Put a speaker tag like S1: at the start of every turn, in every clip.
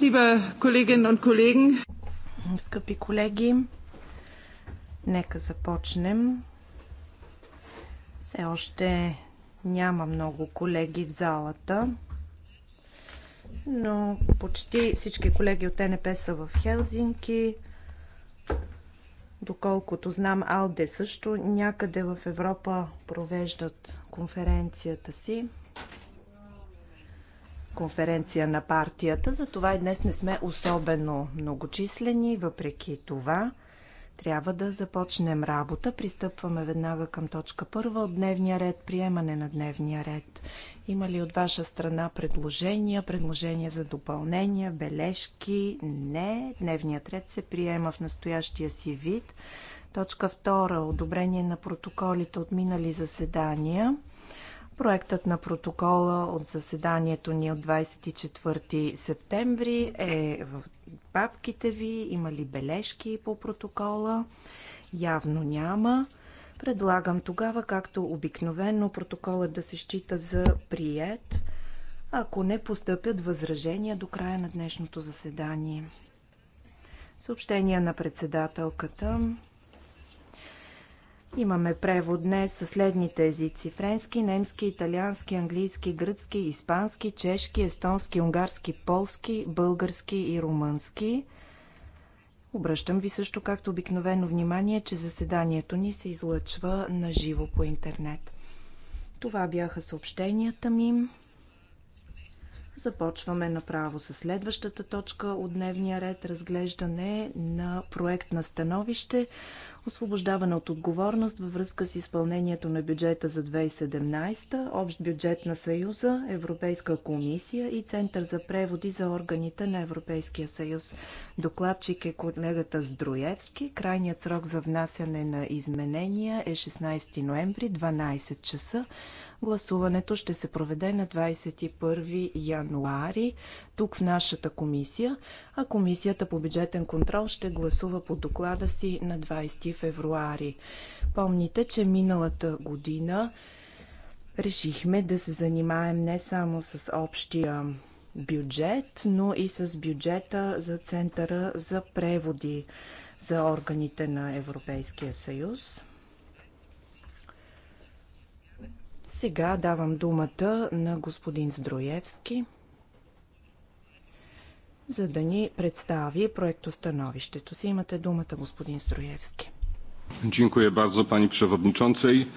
S1: Liebe Kolleginnen und Kollegen, скъпи колеги, нека започнем. Все още няма много колеги в залата, но почти всички колеги от НП са в Хелзинки. Доколкото знам, Алде също някъде в Европа провеждат конференцията си конференция на партията, затова и днес не сме особено многочислени. Въпреки това, трябва да започнем работа. Пристъпваме веднага към точка първа от дневния ред, приемане на дневния ред. Има ли от ваша страна предложения, предложения за допълнения, бележки? Не. Дневният ред се приема в настоящия си вид. Точка втора – одобрение на протоколите от минали заседания – Проектът на протокола от заседанието ни от 24 септември е в папките ви. Има ли бележки по протокола? Явно няма. Предлагам тогава, както обикновено, протоколът да се счита за прият, ако не постъпят възражения до края на днешното заседание. Съобщение на председателката. Имаме превод днес със следните езици. Френски, немски, италиански, английски, гръцки, испански, чешки, естонски, унгарски, полски, български и румънски. Обръщам ви също, както обикновено, внимание, че заседанието ни се излъчва на живо по интернет. Това бяха съобщенията ми. Започваме направо с следващата точка от дневния ред разглеждане на проект на становище освобождаване от отговорност във връзка с изпълнението на бюджета за 2017, общ бюджет на Съюза, Европейска комисия и Център за преводи за органите на Европейския съюз. Докладчик е колегата Здроевски. Крайният срок за внасяне на изменения е 16 ноември, 12 часа. Гласуването ще се проведе на 21 януари тук в нашата комисия, а комисията по бюджетен контрол ще гласува по доклада си на 20 февруари. Помните, че миналата година решихме да се занимаем не само с общия бюджет, но и с бюджета за Центъра за преводи за органите на Европейския съюз. Сега давам думата на господин Здроевски, за да ни представи проектостановището си. Имате думата, господин Здроевски. Dziękuję bardzo пани przewodniczącej.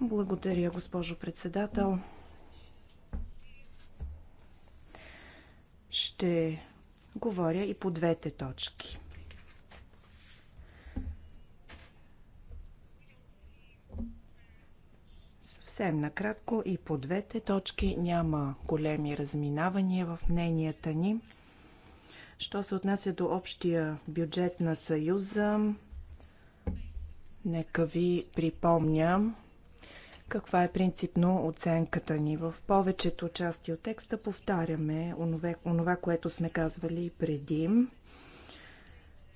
S1: Благодаря, госпожо председател. Ще говоря и по двете точки. Съвсем накратко и по двете точки няма големи разминавания в мненията ни. Що се отнася до общия бюджет на Съюза, нека ви припомня каква е принципно оценката ни. В повечето части от текста повтаряме онова, онова което сме казвали и преди.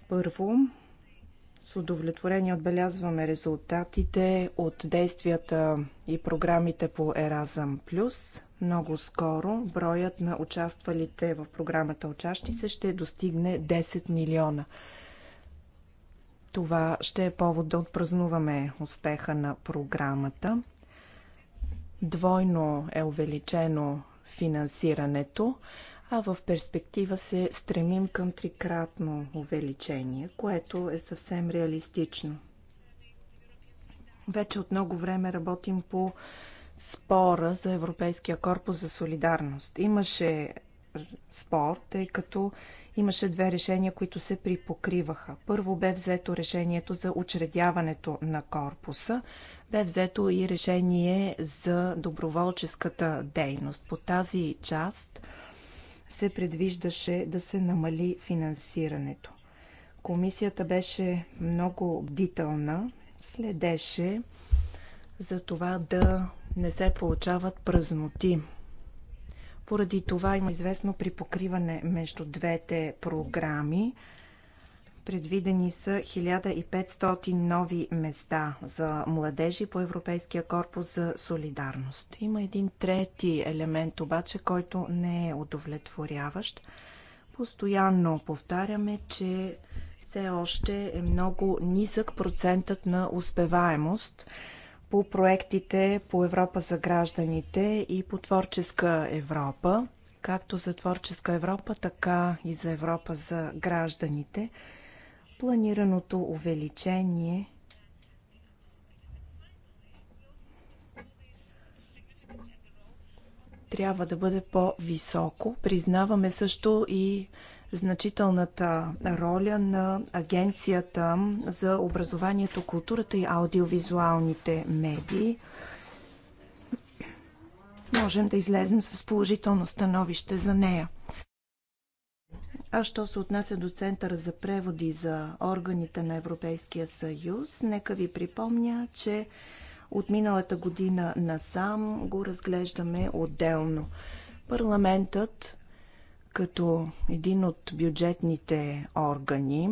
S1: Първо, с удовлетворение отбелязваме резултатите от действията и програмите по Еразъм Плюс. Много скоро броят на участвалите в програмата учащи се ще достигне 10 милиона. Това ще е повод да отпразнуваме успеха на програмата. Двойно е увеличено финансирането а в перспектива се стремим към трикратно увеличение, което е съвсем реалистично. Вече от много време работим по спора за Европейския корпус за солидарност. Имаше спор, тъй като имаше две решения, които се припокриваха. Първо бе взето решението за учредяването на корпуса, бе взето и решение за доброволческата дейност. По тази част – се предвиждаше да се намали финансирането. Комисията беше много бдителна, следеше за това да не се получават празноти. Поради това има известно припокриване между двете програми. Предвидени са 1500 нови места за младежи по Европейския корпус за солидарност. Има един трети елемент обаче, който не е удовлетворяващ. Постоянно повтаряме, че все още е много нисък процентът на успеваемост по проектите по Европа за гражданите и по Творческа Европа, както за Творческа Европа, така и за Европа за гражданите – планираното увеличение трябва да бъде по-високо. Признаваме също и значителната роля на Агенцията за образованието, културата и аудиовизуалните медии. Можем да излезем с положително становище за нея. А що се отнася до Центъра за преводи за органите на Европейския съюз, нека ви припомня, че от миналата година насам го разглеждаме отделно. Парламентът, като един от бюджетните органи,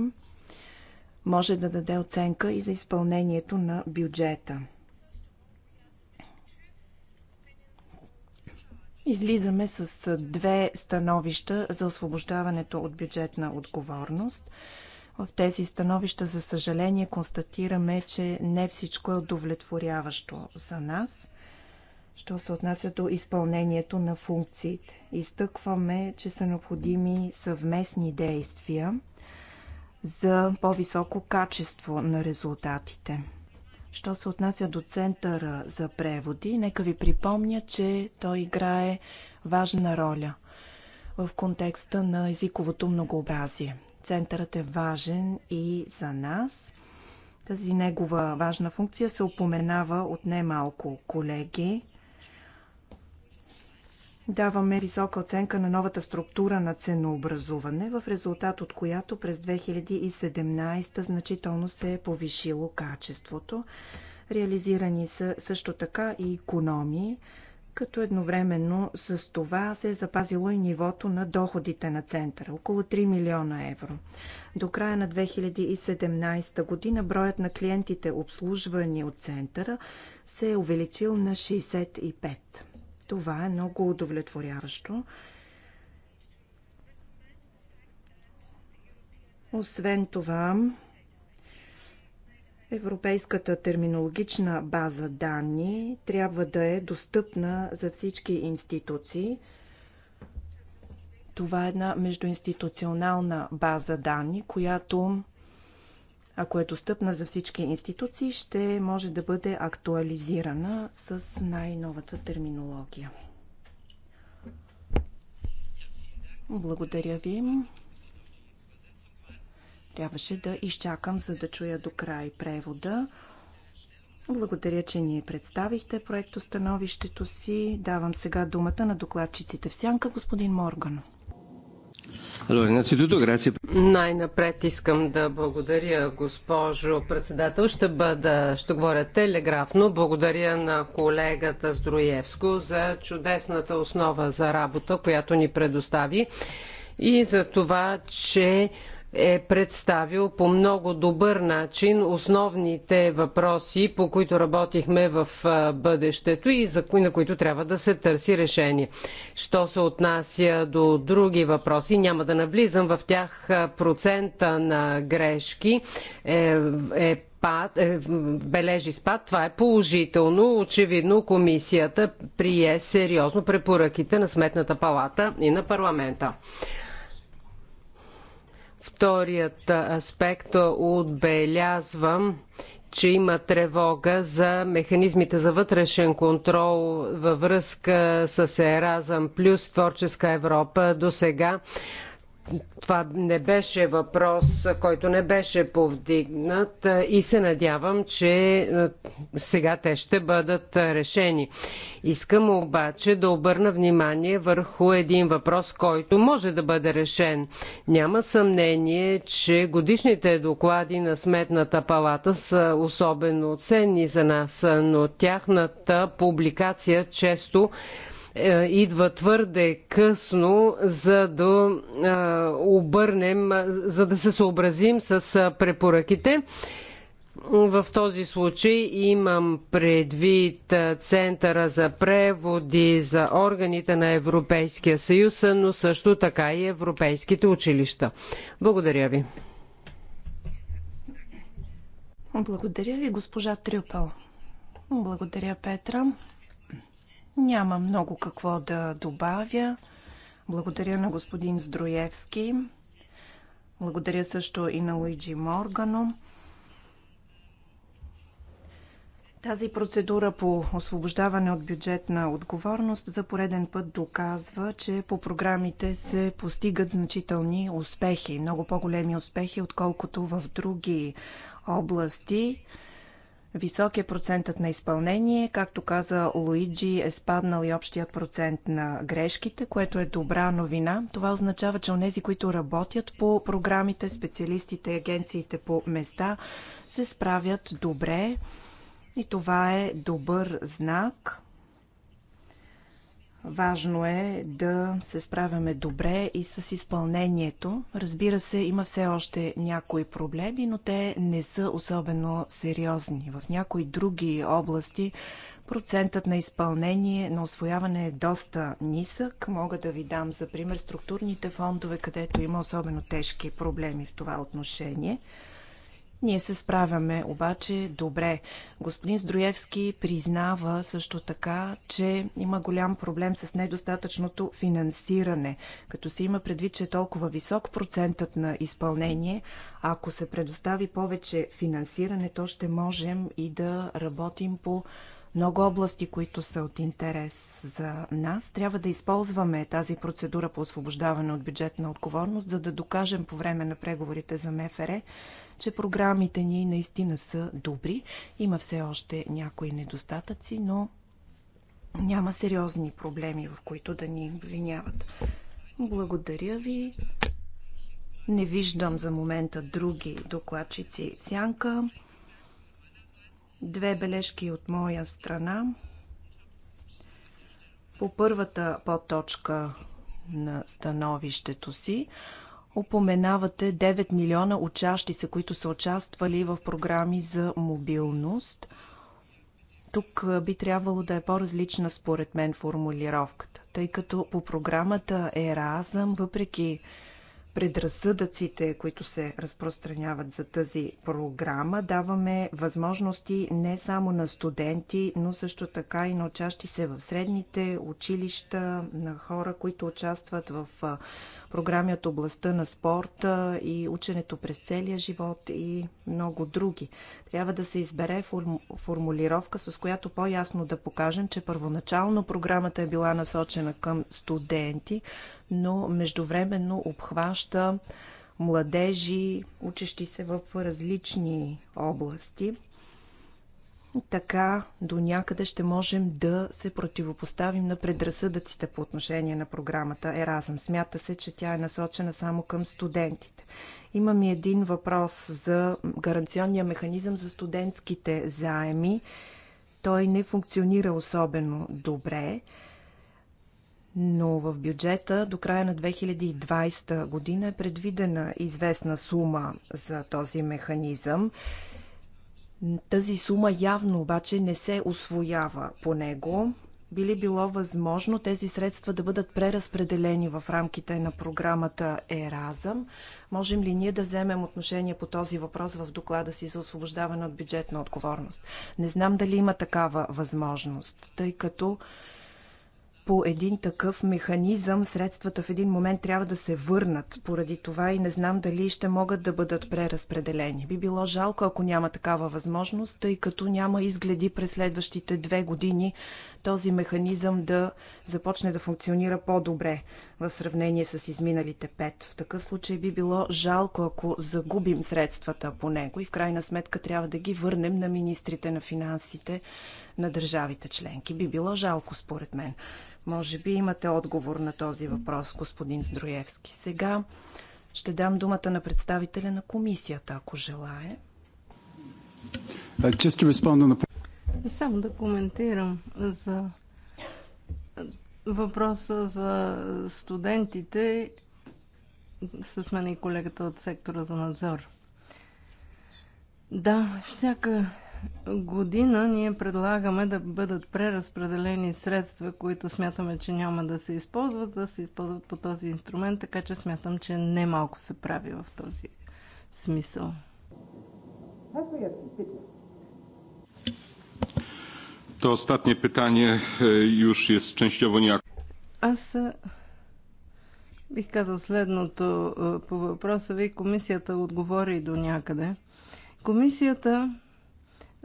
S1: може да даде оценка и за изпълнението на бюджета. Излизаме с две становища за освобождаването от бюджетна отговорност. В тези становища, за съжаление, констатираме, че не всичко е удовлетворяващо за нас, що се отнася до изпълнението на функциите. Изтъкваме, че са необходими съвместни действия за по-високо качество на резултатите. Що се отнася до Центъра за преводи, нека ви припомня, че той играе важна роля в контекста на езиковото многообразие. Центърът е важен и за нас. Тази негова важна функция се упоменава от немалко колеги. Даваме висока оценка на новата структура на ценообразуване, в резултат от която през 2017 значително се е повишило качеството. Реализирани са също така и економии, като едновременно с това се е запазило и нивото на доходите на центъра около 3 милиона евро. До края на 2017 година броят на клиентите, обслужвани от центъра, се е увеличил на 65. Това е много удовлетворяващо. Освен това, Европейската терминологична база данни трябва да е достъпна за всички институции. Това е една междуинституционална база данни, която ако е достъпна за всички институции, ще може да бъде актуализирана с най-новата терминология. Благодаря ви. Трябваше да изчакам, за да чуя до край превода. Благодаря, че ни представихте становището си. Давам сега думата на докладчиците в сянка, господин Морган.
S2: Най-напред искам да благодаря, госпожо председател. Ще, бъда, ще говоря телеграфно. Благодаря на колегата Здроевско за чудесната основа за работа, която ни предостави и за това, че е представил по много добър начин основните въпроси, по които работихме в бъдещето и за кои, на които трябва да се търси решение. Що се отнася до други въпроси, няма да навлизам в тях. Процента на грешки е, е е, бележи спад. Това е положително. Очевидно комисията прие сериозно препоръките на Сметната палата и на парламента вторият аспект отбелязвам, че има тревога за механизмите за вътрешен контрол във връзка с Еразъм плюс Творческа Европа. До сега това не беше въпрос, който не беше повдигнат и се надявам, че е, сега те ще бъдат решени. Искам обаче да обърна внимание върху един въпрос, който може да бъде решен. Няма съмнение, че годишните доклади на Сметната палата са особено ценни за нас, но тяхната публикация често е, идва твърде късно, за да е, обърнем, за да се съобразим с е, препоръките. В този случай имам предвид Центъра за преводи за органите на Европейския съюз, но също така и европейските училища. Благодаря ви.
S1: Благодаря ви, госпожа Трюпел. Благодаря, Петра. Няма много какво да добавя. Благодаря на господин Здроевски. Благодаря също и на Луиджи Моргано. Тази процедура по освобождаване от бюджетна отговорност за пореден път доказва, че по програмите се постигат значителни успехи, много по-големи успехи, отколкото в други области. Висок е процентът на изпълнение. Както каза Луиджи, е спаднал и общият процент на грешките, което е добра новина. Това означава, че онези, които работят по програмите, специалистите агенциите по места се справят добре. И това е добър знак. Важно е да се справяме добре и с изпълнението. Разбира се, има все още някои проблеми, но те не са особено сериозни. В някои други области процентът на изпълнение на освояване е доста нисък. Мога да ви дам за пример структурните фондове, където има особено тежки проблеми в това отношение – ние се справяме обаче добре. Господин Здроевски признава също така, че има голям проблем с недостатъчното финансиране, като се има предвид, че е толкова висок процентът на изпълнение. Ако се предостави повече финансиране, то ще можем и да работим по много области, които са от интерес за нас. Трябва да използваме тази процедура по освобождаване от бюджетна отговорност, за да докажем по време на преговорите за МФР, че програмите ни наистина са добри. Има все още някои недостатъци, но няма сериозни проблеми, в които да ни обвиняват. Благодаря ви. Не виждам за момента други докладчици в сянка. Две бележки от моя страна. По първата подточка на становището си упоменавате 9 милиона учащи се, които са участвали в програми за мобилност. Тук би трябвало да е по-различна според мен формулировката, тъй като по програмата Еразъм, въпреки предразсъдъците, които се разпространяват за тази програма. Даваме възможности не само на студенти, но също така и на учащи се в средните училища, на хора, които участват в програми от областта на спорта и ученето през целия живот и много други. Трябва да се избере формулировка, с която по-ясно да покажем, че първоначално програмата е била насочена към студенти, но междувременно обхваща младежи, учещи се в различни области. Така до някъде ще можем да се противопоставим на предразсъдъците по отношение на програмата Еразъм. Смята се, че тя е насочена само към студентите. Имам и един въпрос за гаранционния механизъм за студентските заеми. Той не функционира особено добре но в бюджета до края на 2020 година е предвидена известна сума за този механизъм. Тази сума явно обаче не се освоява по него. Би ли било възможно тези средства да бъдат преразпределени в рамките на програмата Еразъм? Можем ли ние да вземем отношение по този въпрос в доклада си за освобождаване от бюджетна отговорност? Не знам дали има такава възможност, тъй като по един такъв механизъм средствата в един момент трябва да се върнат. Поради това и не знам дали ще могат да бъдат преразпределени. Би било жалко, ако няма такава възможност, тъй като няма изгледи през следващите две години този механизъм да започне да функционира по-добре в сравнение с изминалите пет. В такъв случай би било жалко, ако загубим средствата по него и в крайна сметка трябва да ги върнем на министрите на финансите на държавите членки. Би било жалко, според мен. Може би имате отговор на този въпрос, господин Здроевски. Сега ще дам думата на представителя на комисията, ако желае.
S2: Uh,
S3: Само да коментирам за въпроса за студентите с мен е и колегата от сектора за надзор. Да, всяка година ние предлагаме да бъдат преразпределени средства, които смятаме, че няма да се използват, да се използват по този инструмент, така че смятам, че не малко се прави в този смисъл.
S1: To ostatnie pytanie e, już
S2: jest częściowo niejako.
S3: Аз e, бих казал следното e, по въпроса ви. Комисията отговори до някъде. Комисията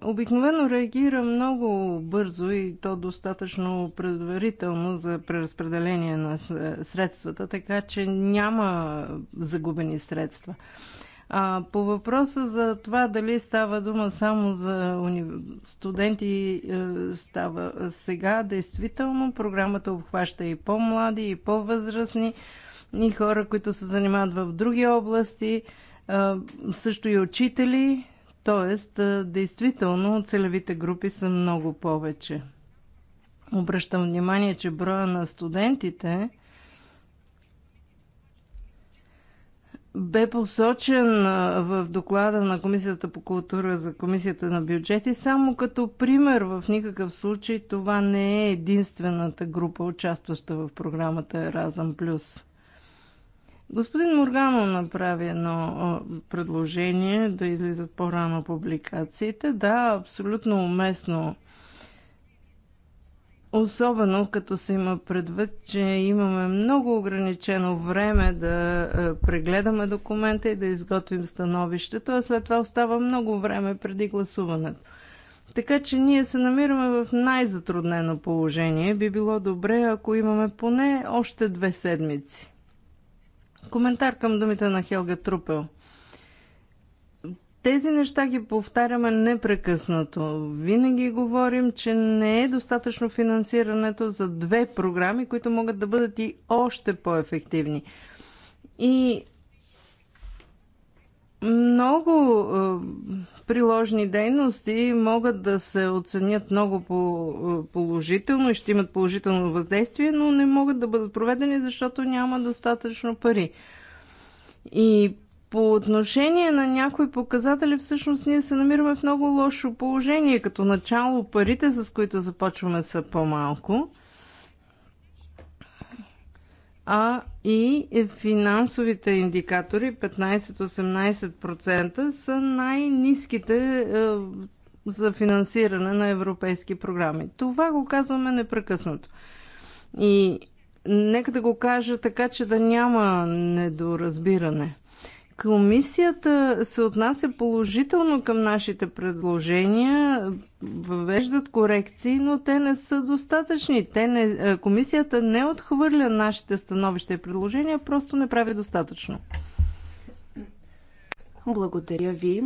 S3: Обикновено реагира много бързо и то достатъчно предварително за преразпределение на средствата, така че няма загубени средства. А, по въпроса за това дали става дума само за студенти, е, става сега, действително програмата обхваща и по-млади, и по-възрастни, и хора, които се занимават в други области, е, също и учители, Тоест, действително, целевите групи са много повече. Обръщам внимание, че броя на студентите бе посочен в доклада на Комисията по култура за Комисията на бюджети само като пример. В никакъв случай това не е единствената група, участваща в програмата Еразъм Плюс. Господин Моргано направи едно предложение да излизат по-рано публикациите. Да, абсолютно уместно. Особено като се има предвид, че имаме много ограничено време да прегледаме документа и да изготвим становището, а след това остава много време преди гласуването. Така че ние се намираме в най-затруднено положение. Би било добре, ако имаме поне още две седмици. Коментар към думите на Хелга Трупел. Тези неща ги повтаряме непрекъснато. Винаги говорим, че не е достатъчно финансирането за две програми, които могат да бъдат и още по-ефективни. И много е, приложни дейности могат да се оценят много е, положително и ще имат положително въздействие, но не могат да бъдат проведени, защото няма достатъчно пари. И по отношение на някои показатели, всъщност ние се намираме в много лошо положение. Като начало парите, с които започваме, са по-малко – а и финансовите индикатори 15-18% са най-низките е, за финансиране на европейски програми. Това го казваме непрекъснато. И нека да го кажа така, че да няма недоразбиране. Комисията се отнася положително към нашите предложения, въвеждат корекции, но те не са достатъчни. Те не, е, комисията не отхвърля нашите становища и предложения, просто не прави достатъчно.
S1: Благодаря ви.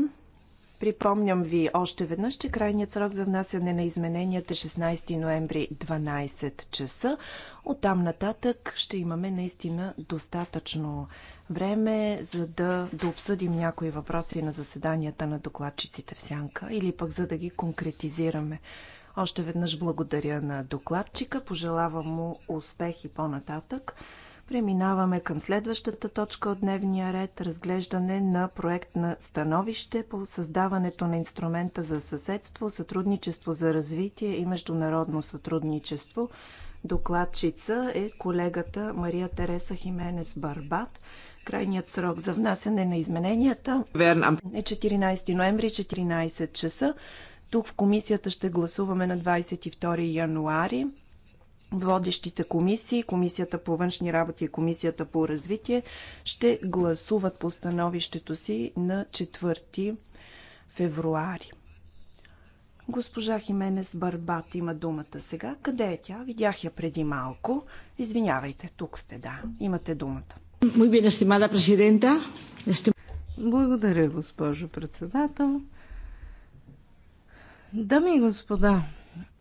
S1: Припомням ви още веднъж, че крайният срок за внасяне на измененията е 16 ноември 12 часа. От там нататък ще имаме наистина достатъчно Време е за да, да обсъдим някои въпроси на заседанията на докладчиците в Сянка или пък за да ги конкретизираме. Още веднъж благодаря на докладчика, пожелавам му успех и по-нататък. Преминаваме към следващата точка от дневния ред разглеждане на проект на становище по създаването на инструмента за съседство, сътрудничество за развитие и международно сътрудничество. Докладчица е колегата Мария Тереса Хименес Барбат. Крайният срок за внасяне на измененията
S3: е
S1: 14 ноември, 14 часа. Тук в комисията ще гласуваме на 22 януари. Водещите комисии, Комисията по външни работи и Комисията по развитие, ще гласуват по становището си на 4 февруари. Госпожа Хименес Барбат има думата сега. Къде е тя? Видях я преди малко. Извинявайте, тук сте, да. Имате думата.
S3: Благодаря, госпожо председател. Дами и господа,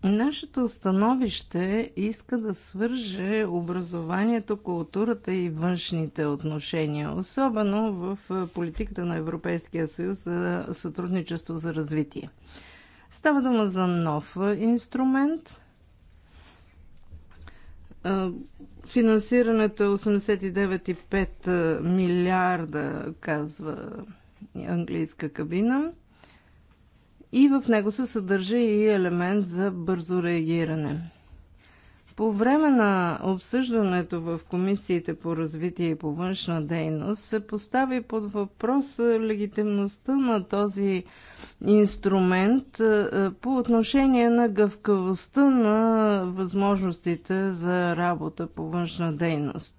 S3: нашето становище иска да свърже образованието, културата и външните отношения, особено в политиката на Европейския съюз за сътрудничество за развитие. Става дума за нов инструмент, Финансирането е 89,5 милиарда, казва английска кабина. И в него се съдържа и елемент за бързо реагиране. По време на обсъждането в комисиите по развитие и по външна дейност се постави под въпрос е, легитимността на този инструмент е, е, по отношение на гъвкавостта на възможностите за работа по външна дейност.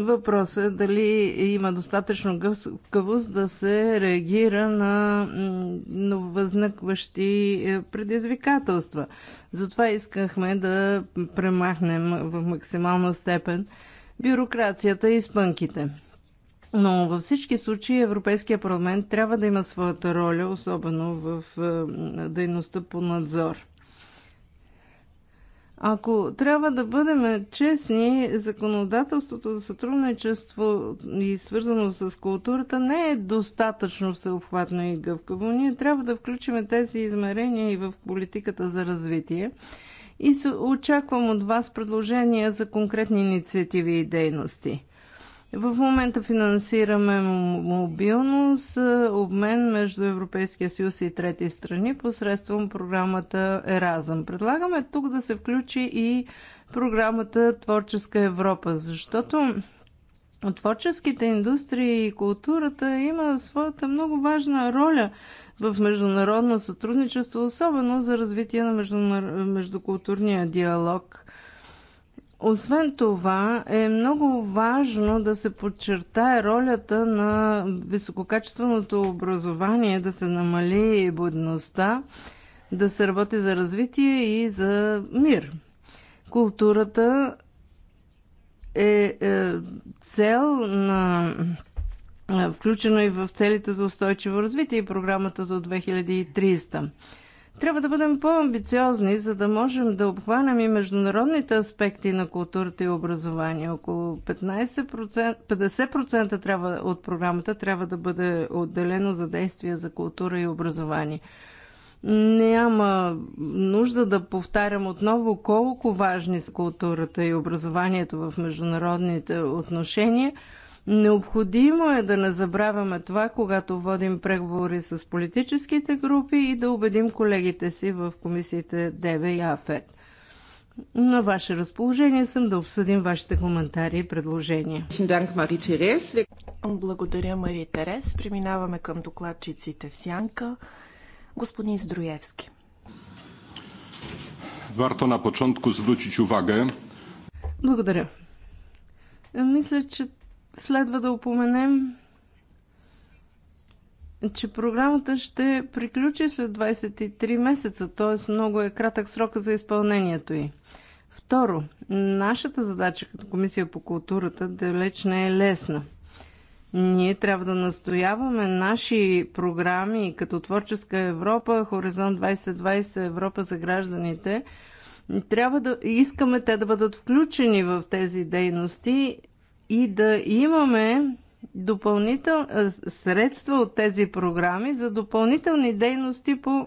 S3: Въпросът е дали има достатъчно гъвкавост да се реагира на нововъзникващи е, предизвикателства. Затова искахме да премахнем в максимална степен бюрокрацията и спънките. Но във всички случаи Европейския парламент трябва да има своята роля, особено в е, дейността по надзор. Ако трябва да бъдем честни, законодателството за сътрудничество и свързано с културата не е достатъчно всеобхватно и гъвкаво. Ние трябва да включим тези измерения и в политиката за развитие. И очаквам от вас предложения за конкретни инициативи и дейности. В момента финансираме мобилност, е, обмен между Европейския съюз и трети страни посредством програмата Еразъм. Предлагаме тук да се включи и програмата Творческа Европа, защото творческите индустрии и културата има своята много важна роля в международно сътрудничество, особено за развитие на междукултурния диалог – освен това е много важно да се подчертае ролята на висококачественото образование, да се намали бедността, да се работи за развитие и за мир. Културата е, е цел на е, включено и в целите за устойчиво развитие и програмата до 2300. Трябва да бъдем по-амбициозни, за да можем да обхванем и международните аспекти на културата и образование. Около 15%, 50% трябва, от програмата трябва да бъде отделено за действия за култура и образование. Няма нужда да повтарям отново колко важни са културата и образованието в международните отношения – Необходимо е да не забравяме това, когато водим преговори с политическите групи и да убедим колегите си в комисиите ДВ и АФЕД. На ваше разположение съм да обсъдим вашите коментари и предложения. Благодаря, Мари
S1: Терес. Преминаваме към докладчиците в Сянка. Господин Здроевски. Варто на почонтку звучи uwagę.
S3: Благодаря. Мисля, че Следва да упоменем, че програмата ще приключи след 23 месеца, т.е. много е кратък срок за изпълнението й. Второ, нашата задача като Комисия по културата далеч не е лесна. Ние трябва да настояваме наши програми като Творческа Европа, Хоризонт 2020, Европа за гражданите. Трябва да искаме те да бъдат включени в тези дейности и да имаме допълнител... средства от тези програми за допълнителни дейности по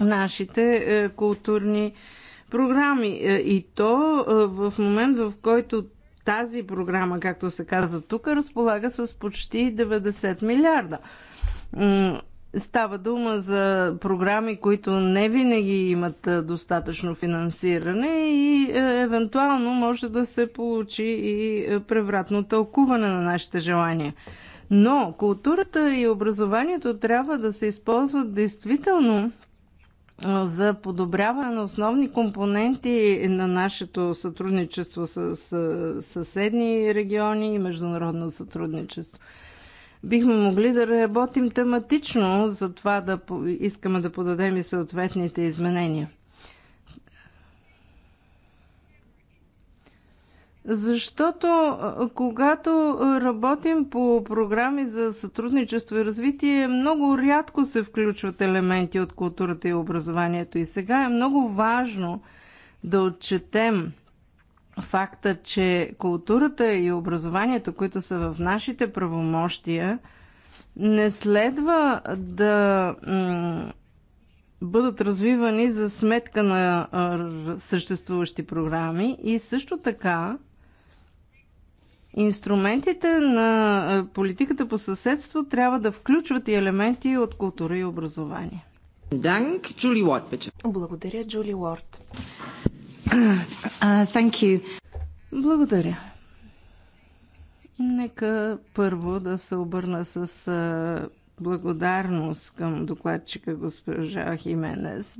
S3: нашите е, културни програми. Е, и то е, в момент, в който тази програма, както се казва тук, разполага с почти 90 милиарда. Става дума за програми, които не винаги имат достатъчно финансиране и евентуално може да се получи и превратно тълкуване на нашите желания. Но културата и образованието трябва да се използват действително за подобряване на основни компоненти на нашето сътрудничество с съседни региони и международно сътрудничество бихме могли да работим тематично, за това да искаме да подадем и съответните изменения. Защото когато работим по програми за сътрудничество и развитие, много рядко се включват елементи от културата и образованието. И сега е много важно да отчетем факта, че културата и образованието, които са в нашите правомощия, не следва да бъдат развивани за сметка на съществуващи програми и също така инструментите на политиката по съседство трябва да включват и елементи от култура и образование. Благодаря, Джули Уорд you. Благодаря. Нека първо да се обърна с благодарност към докладчика госпожа Хименес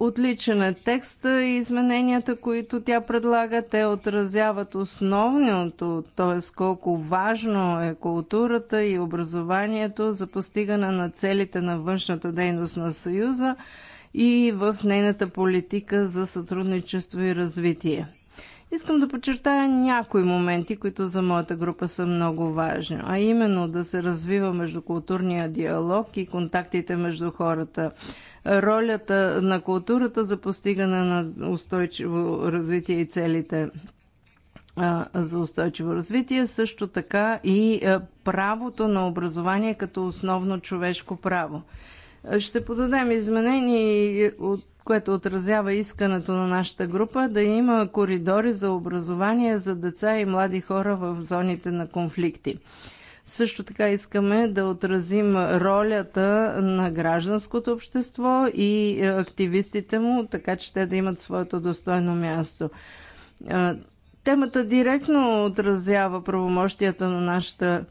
S3: Отличен е текста и измененията, които тя предлага, те отразяват основното, т.е. колко важно е културата и образованието за постигане на целите на външната дейност на Съюза – и в нейната политика за сътрудничество и развитие. Искам да подчертая някои моменти, които за моята група са много важни, а именно да се развива междукултурния диалог и контактите между хората, ролята на културата за постигане на устойчиво развитие и целите за устойчиво развитие, също така и правото на образование като основно човешко право. Ще подадем изменение, което отразява искането на нашата група да има коридори за образование за деца и млади хора в зоните на конфликти. Също така искаме да отразим ролята на гражданското общество и е, активистите му, така че те да имат своето достойно място. Е, темата директно отразява правомощията на нашата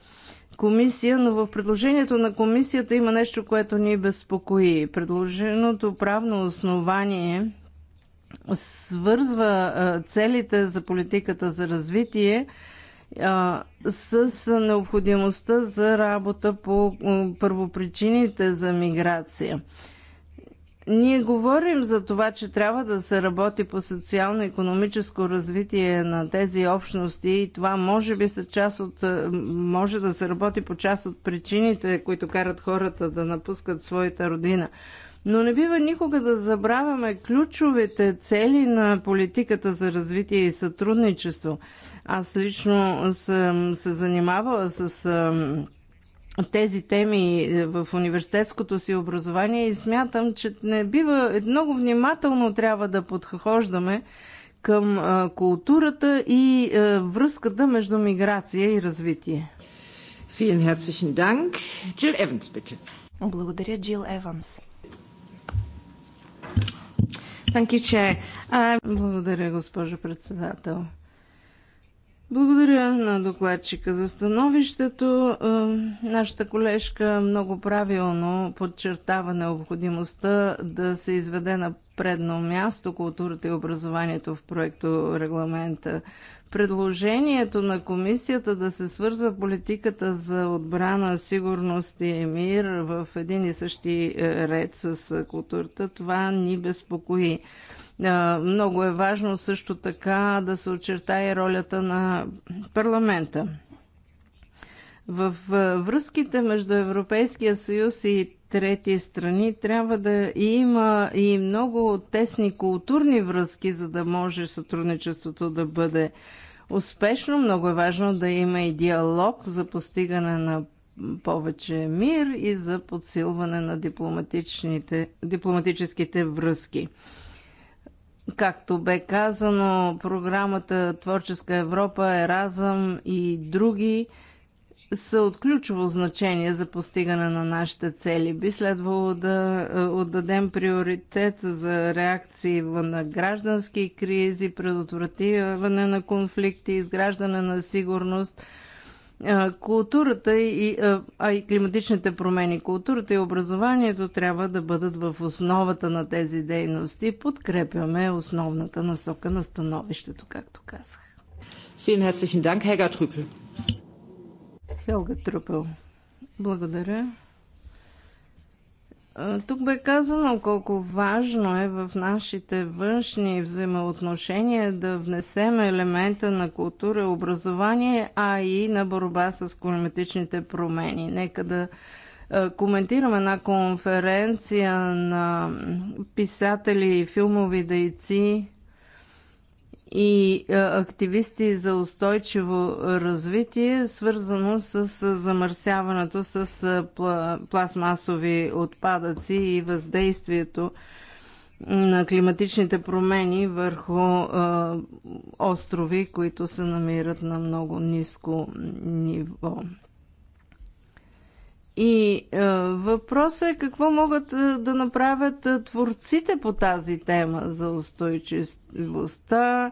S3: комисия, но в предложението на комисията има нещо, което ни безпокои. Предложеното правно основание свързва целите за политиката за развитие с необходимостта за работа по първопричините за миграция. Ние говорим за това, че трябва да се работи по социално-економическо развитие на тези общности и това може би са част от, е, може да се работи по част от причините, които карат хората да напускат своята родина. Но не бива никога да забравяме ключовите цели на политиката за развитие и сътрудничество. Аз лично съм се занимавала с тези теми е, в университетското си образование и смятам, че не бива, е, много внимателно трябва да подхождаме към е, културата и връзката между миграция и развитие. Vielen herzlichen Dank. Jill Evans, bitte.
S1: Благодаря, Джил Еванс.
S3: Thank you, Chair. Uh, Благодаря, госпожо председател. Благодаря на докладчика за становището. Е, нашата колежка много правилно подчертава необходимостта да се изведе на предно място културата и образованието в проекто регламента. Предложението на комисията да се свързва политиката за отбрана, сигурност и мир в един и същи е, ред с е, културата, това ни безпокои. Много е важно също така да се очертае ролята на парламента. В връзките между Европейския съюз и трети страни трябва да има и много тесни културни връзки, за да може сътрудничеството да бъде успешно. Много е важно да има и диалог за постигане на повече мир и за подсилване на дипломатичните, дипломатическите връзки. Както бе казано, програмата Творческа Европа, Еразъм и други са от ключово значение за постигане на нашите цели. Би следвало да е, отдадем приоритет за реакции на граждански кризи, предотвратяване на конфликти, изграждане на сигурност – Културата и, а и климатичните промени, културата и образованието трябва да бъдат в основата на тези дейности. Подкрепяме основната насока на становището, както казах. Vielen herzlichen Dank, Хелга Трупел. Хелга Трупел. Благодаря. Тук бе казано колко важно е в нашите външни взаимоотношения да внесем елемента на култура и образование, а и на борба с климатичните промени. Нека да коментирам една конференция на писатели и филмови дейци и е, активисти за устойчиво развитие, свързано с замърсяването с е, пластмасови отпадъци и въздействието на климатичните промени върху е, острови, които се намират на много ниско ниво. И е, въпросът е какво могат е, да направят е, творците по тази тема за устойчивостта.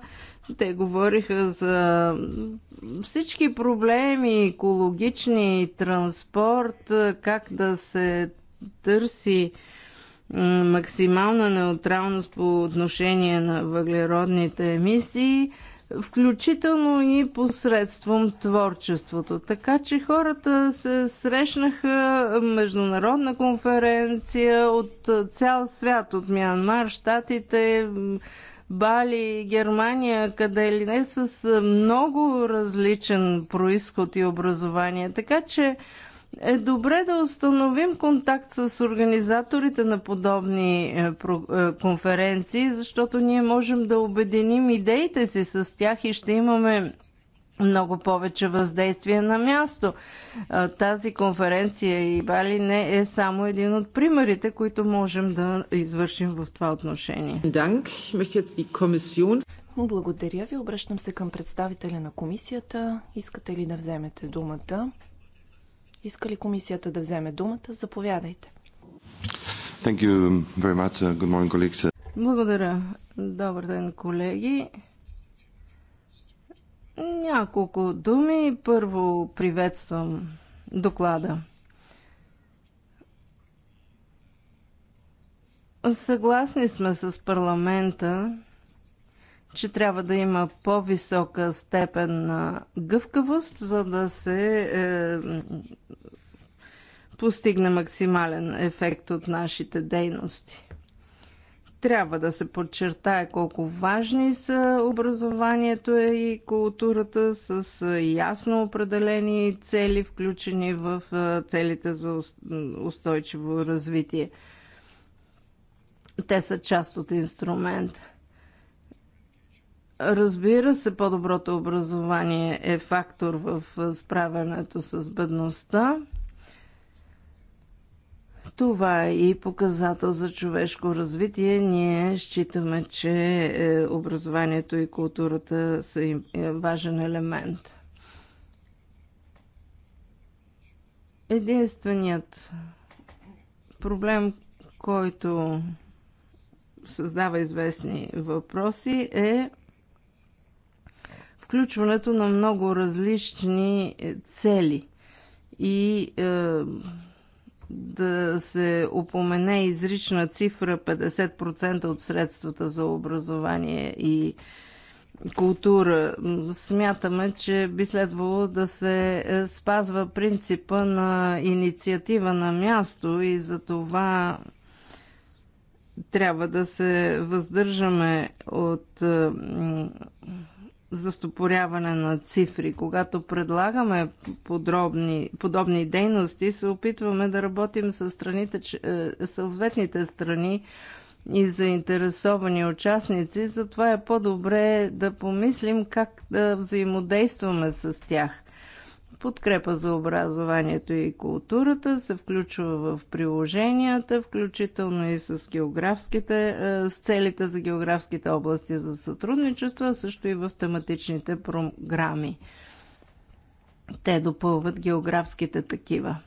S3: Те говориха за всички проблеми, екологични, транспорт, е, как да се търси е, максимална неутралност по отношение на въглеродните емисии. Е, включително и посредством творчеството. Така че хората се срещнаха международна конференция от цял свят, от Мянмар, Штатите, Бали, Германия, къде ли не, с много различен происход и образование. Така че е добре да установим контакт с организаторите на подобни е, е, конференции, защото ние можем да обединим идеите си с тях и ще имаме много повече въздействие на място. Е, тази конференция и бали не е само един от примерите, които можем да извършим в това отношение. Благодаря
S1: ви. Обръщам се към представителя на комисията. Искате ли да вземете думата?
S3: Иска ли комисията да вземе думата? Заповядайте. Thank you very much. Good morning, colleagues. Благодаря. Добър ден, колеги. Няколко думи. Първо приветствам доклада. Съгласни сме с парламента, че трябва да има по-висока степен на гъвкавост, за да се е, постигне максимален ефект от нашите дейности. Трябва да се подчертае колко важни са образованието и културата с ясно определени цели, включени в е, целите за устойчиво развитие. Те са част от инструмента. Разбира се, по-доброто образование е фактор в справянето с бедността. Това е и показател за човешко развитие. Ние считаме, че е, образованието и културата са е, важен елемент. Единственият проблем, който създава известни въпроси е включването на много различни е, цели и е, да се опомене изрична цифра 50% от средствата за образование и култура. Смятаме, че би следвало да се е, спазва принципа на инициатива на място и за това трябва да се въздържаме от е, застопоряване на цифри. Когато предлагаме подробни, подобни дейности, се опитваме да работим с страните, е, съответните страни и заинтересовани участници, затова е по-добре да помислим как да взаимодействаме с тях. Подкрепа за образованието и културата се включва в приложенията, включително и с, географските, е, с целите за географските области за сътрудничество, а също и в тематичните програми. Те допълват географските такива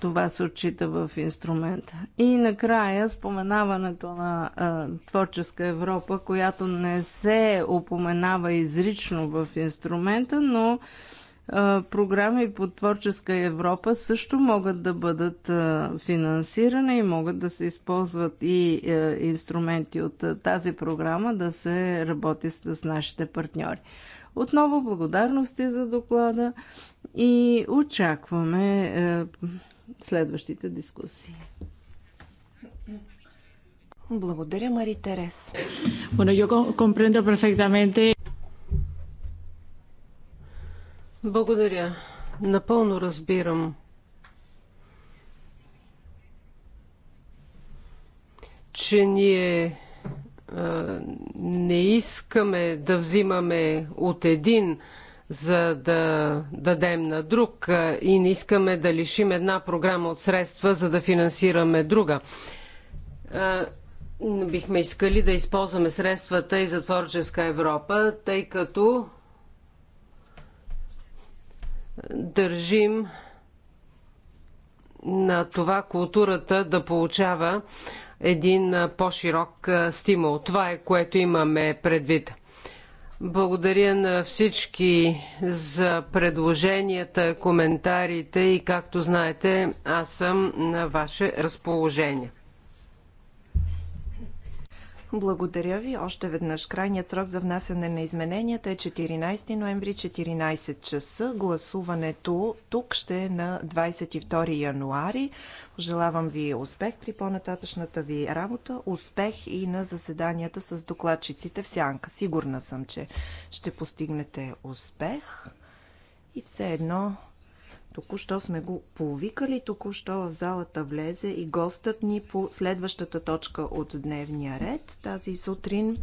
S3: това се отчита в инструмента. И накрая споменаването на а, Творческа Европа, която не се упоменава изрично в инструмента, но а, програми по Творческа Европа също могат да бъдат а, финансирани и могат да се използват и а, инструменти от а, тази програма да се работи с, с нашите партньори. Отново благодарности за доклада и очакваме е, следващите дискусии.
S1: Благодаря, Мари Терес.
S3: Bueno, yo
S2: comprendo perfectamente. Благодаря. Напълно разбирам. че ние не искаме да взимаме от един, за да дадем на друг и не искаме да лишим една програма от средства, за да финансираме друга. Бихме искали да използваме средствата и за творческа Европа, тъй като държим на това културата да получава един по-широк стимул. Това е което имаме предвид. Благодаря на всички за предложенията, коментарите и както знаете, аз съм на ваше разположение.
S1: Благодаря ви още веднъж. Крайният срок за внасяне на измененията е 14 ноември 14 часа. Гласуването тук ще е на 22 януари. Желавам ви успех при по-нататъчната ви работа, успех и на заседанията с докладчиците в Сянка. Сигурна съм, че ще постигнете успех и все едно Току-що сме го повикали, току-що в залата влезе и гостът ни по следващата точка от дневния ред. Тази сутрин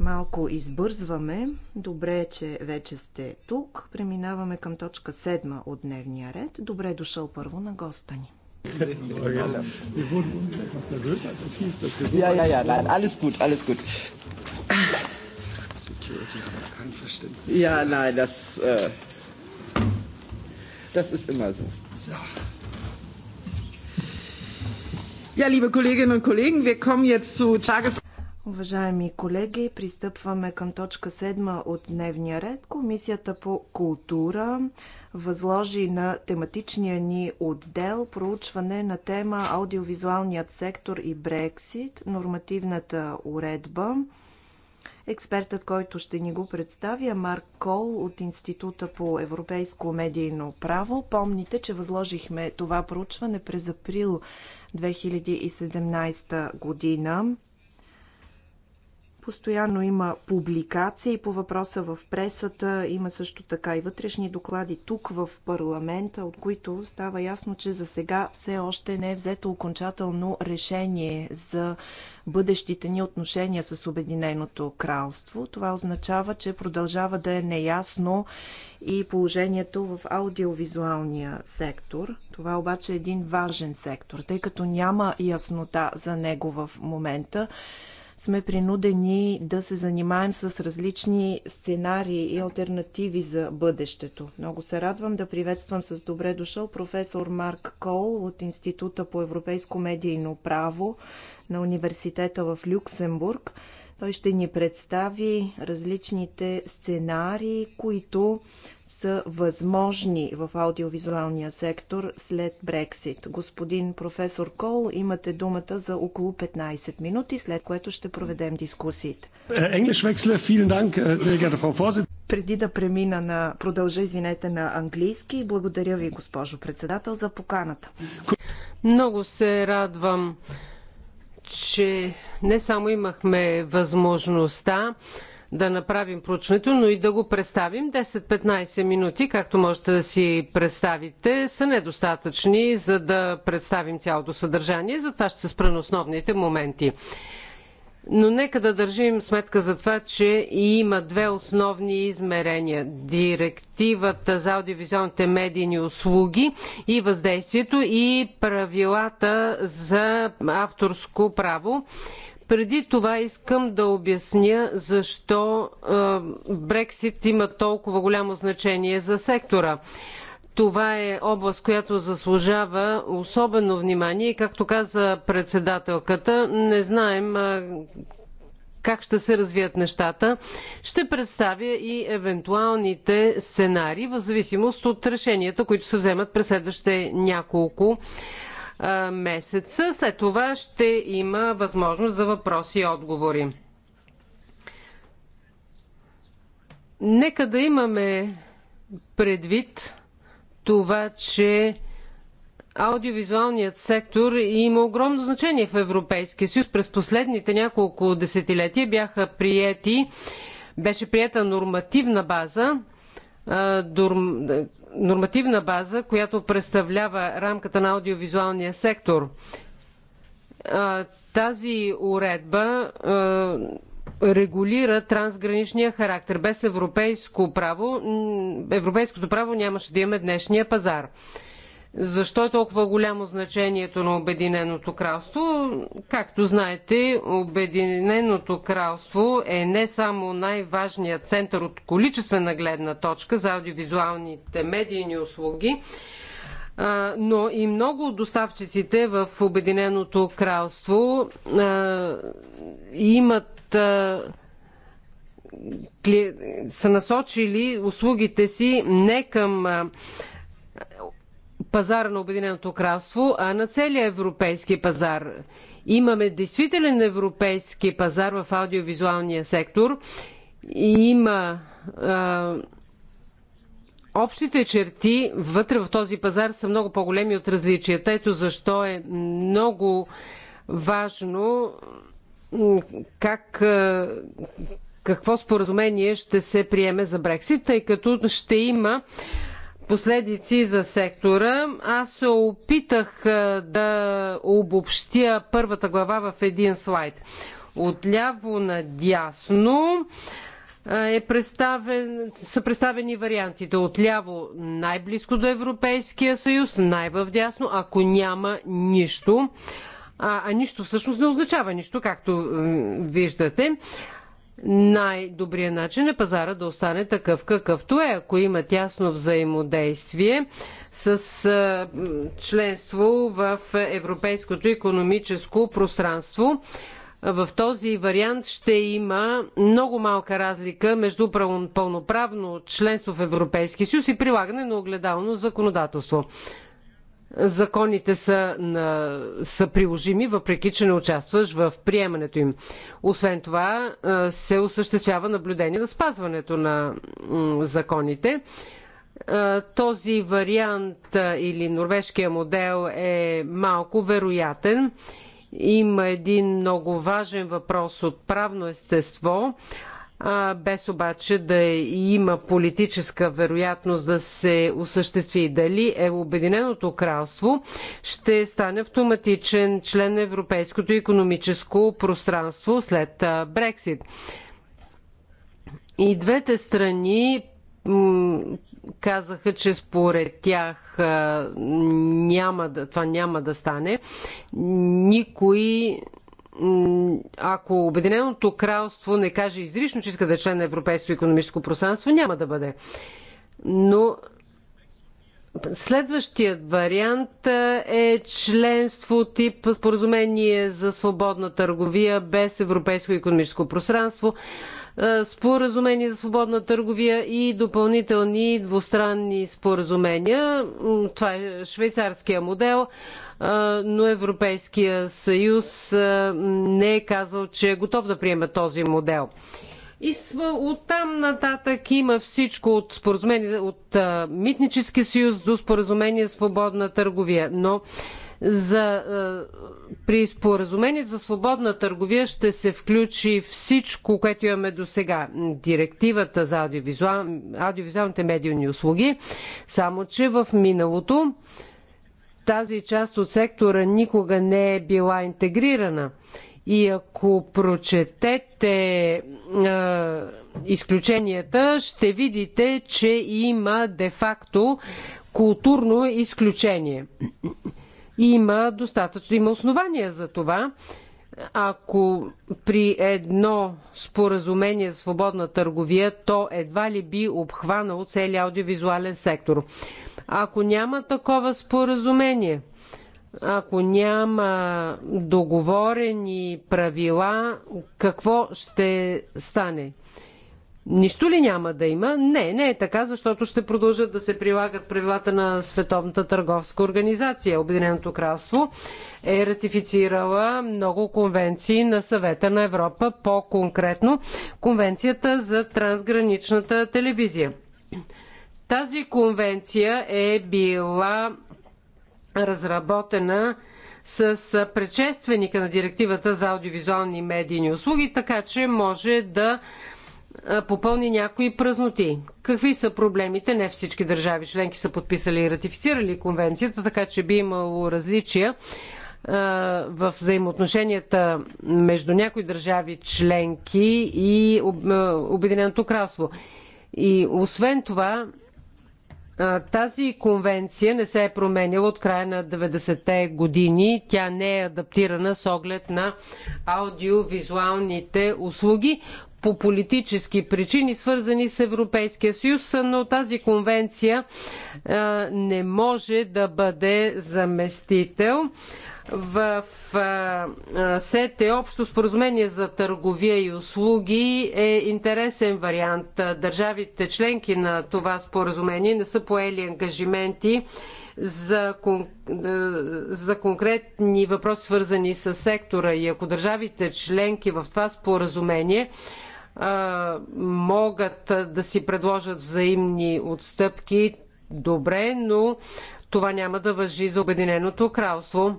S1: малко избързваме. Добре е, че вече сте тук. Преминаваме към точка 7 от дневния ред. Добре е дошъл първо на госта ни.
S2: Ja, ja, ja, nein,
S3: alles gut, alles gut. Security kein Verständnis.
S2: Ja, nein, das. Äh
S3: Das ist immer so.
S2: So.
S1: Ja, liebe Kolleginnen und Kollegen, wir kommen jetzt zu Tages... Уважаеми колеги, пристъпваме към точка 7 от дневния ред. Комисията по култура възложи на тематичния ни отдел проучване на тема аудиовизуалният сектор и Брексит, нормативната уредба – Експертът, който ще ни го представя, Марк Кол от Института по европейско медийно право. Помните, че възложихме това проучване през април 2017 година. Постоянно има публикации по въпроса в пресата, има също така и вътрешни доклади тук в парламента, от които става ясно, че за сега все още не е взето окончателно решение за бъдещите ни отношения с Обединеното кралство. Това означава, че продължава да е неясно и положението в аудиовизуалния сектор. Това обаче е един важен сектор, тъй като няма яснота за него в момента сме принудени да се занимаем с различни сценарии и альтернативи за бъдещето. Много се радвам да приветствам с добре дошъл професор Марк Кол от Института по европейско медийно право на университета в Люксембург. Той ще ни представи различните сценарии, които са възможни в аудиовизуалния сектор след Брексит. Господин професор Кол, имате думата за около 15 минути, след което ще проведем дискусиите. Е, е, Преди да премина на продължа, извинете,
S2: на английски, благодаря ви, госпожо председател, за поканата. Много се радвам че не само имахме възможността да направим проучването, но и да го представим. 10-15 минути, както можете да си представите, са недостатъчни, за да представим цялото съдържание. Затова ще се спра на основните моменти. Но нека да държим сметка за това, че има две основни измерения. Директивата за аудиовизуалните медийни услуги и въздействието и правилата за авторско право. Преди това искам да обясня защо Брексит има толкова голямо значение за сектора. Това е област, която заслужава особено внимание и, както каза председателката, не знаем как ще се развият нещата. Ще представя и евентуалните сценари, в зависимост от решенията, които се вземат през следващите няколко месеца. След това ще има възможност за въпроси и отговори. Нека да имаме предвид, това, че аудиовизуалният сектор има огромно значение в Европейския съюз. През последните няколко десетилетия бяха приети, беше приета нормативна база, нормативна база, която представлява рамката на аудиовизуалния сектор. Тази уредба регулира трансграничния характер. Без европейско право, европейското право нямаше да имаме днешния пазар. Защо е толкова голямо значението на Обединеното кралство? Както знаете, Обединеното кралство е не само най-важният център от количествена гледна точка за аудиовизуалните медийни услуги, но и много от доставчиците в Обединеното кралство имат са насочили услугите си не към пазара на Обединеното кралство, а на целия европейски пазар. Имаме действителен европейски пазар в аудиовизуалния сектор. и Има общите черти вътре в този пазар са много по-големи от различията. Ето защо е много важно как, какво споразумение ще се приеме за Брексит, тъй като ще има последици за сектора. Аз се опитах да обобщя първата глава в един слайд. Отляво надясно дясно е, е представен, са представени вариантите отляво най-близко до Европейския съюз, най-вдясно, ако няма нищо. А, а нищо всъщност не означава нищо, както виждате. Най-добрият начин е пазара да остане такъв какъвто е, ако има тясно взаимодействие с а, членство в Европейското економическо пространство в този вариант ще има много малка разлика между пълноправно членство в Европейския съюз и прилагане на огледално законодателство. Законите са, на, са приложими, въпреки че не участваш в приемането им. Освен това, се осъществява наблюдение на спазването на законите. Този вариант или норвежкия модел е малко вероятен има един много важен въпрос от правно естество, без обаче да има политическа вероятност да се осъществи. Дали е Обединеното кралство ще стане автоматичен член на Европейското економическо пространство след Брексит. И двете страни казаха, че според тях няма да, това няма да стане. Никой ако Обединеното кралство не каже изрично, че иска да е член на Европейско економическо пространство, няма да бъде. Но следващият вариант е членство тип споразумение за свободна търговия без Европейско економическо пространство. Е, споразумение за свободна търговия и допълнителни двустранни споразумения. Това е швейцарския модел, е, но Европейския съюз е, не е казал, че е готов да приеме този модел. И от там нататък има всичко от споразумение от Митнически съюз до споразумение свободна търговия. Но за, е, при споразумението за свободна търговия ще се включи всичко, което имаме до сега. Директивата за аудиовизуал, аудиовизуалните медийни услуги, само че в миналото тази част от сектора никога не е била интегрирана. И ако прочетете е, изключенията, ще видите, че има де-факто културно изключение. Има достатъчно, има основания за това. Ако при едно споразумение за свободна търговия, то едва ли би обхванало целият аудиовизуален сектор. Ако няма такова споразумение, ако няма договорени правила, какво ще стане? Нищо ли няма да има? Не, не е така, защото ще продължат да се прилагат правилата на Световната търговска организация. Обединеното кралство е ратифицирала много конвенции на съвета на Европа, по-конкретно конвенцията за трансграничната телевизия. Тази конвенция е била разработена с предшественика на директивата за аудиовизуални медийни услуги, така че може да попълни някои празноти. Какви са проблемите? Не всички държави членки са подписали и ратифицирали конвенцията, така че би имало различия в взаимоотношенията между някои държави членки и Обединеното кралство. И освен това, тази конвенция не се е променила от края на 90-те години. Тя не е адаптирана с оглед на аудиовизуалните услуги, по политически причини, свързани с Европейския съюз, но тази конвенция не може да бъде заместител в СЕТЕ общо споразумение за търговия и услуги е интересен вариант. Държавите членки на това споразумение не са поели ангажименти за, кон... за конкретни въпроси, свързани с сектора. И ако държавите членки в това споразумение могат да си предложат взаимни отстъпки, добре, но това няма да въжи за Обединеното кралство.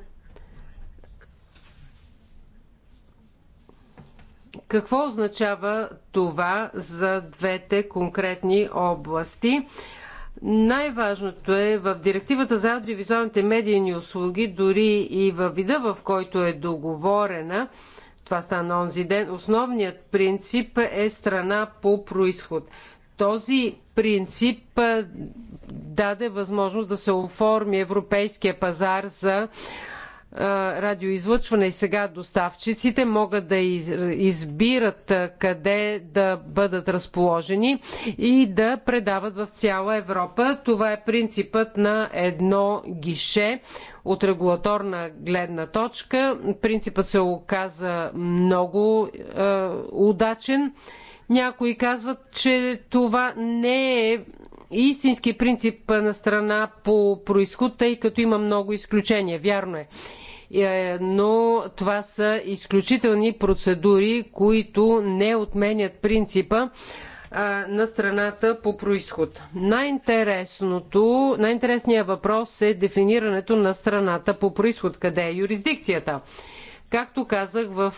S2: Какво означава това за двете конкретни области? Най-важното е в директивата за аудиовизуалните медийни услуги, дори и във вида, в който е договорена, това стана онзи ден. Основният принцип е страна по происход. Този принцип даде възможност да се оформи европейския пазар за радиоизлъчване и сега доставчиците могат да избират къде да бъдат разположени и да предават в цяла Европа. Това е принципът на едно гише от регулаторна гледна точка. Принципът се оказа много е, удачен. Някои казват, че това не е истински принцип на страна по происход, тъй като има много изключения. Вярно е. Е, но това са изключителни процедури, които не отменят принципа на страната по происход. Най-интересното, най-интересният въпрос е дефинирането на страната по происход. Къде е юрисдикцията? Както казах, в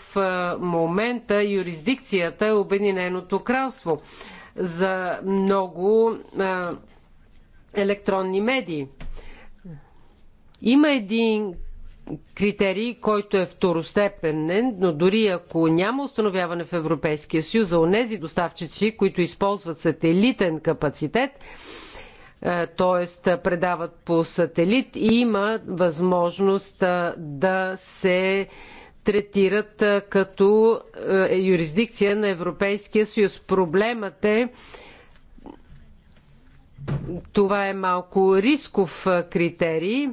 S2: момента юрисдикцията е Обединеното кралство за много електронни медии. Има един критерий, който е второстепенен, но дори ако няма установяване в Европейския съюз за онези доставчици, които използват сателитен капацитет, т.е. Е, предават по сателит и има възможност е, да се третират е, като юрисдикция на Европейския съюз. Проблемът е, това е малко рисков критерий,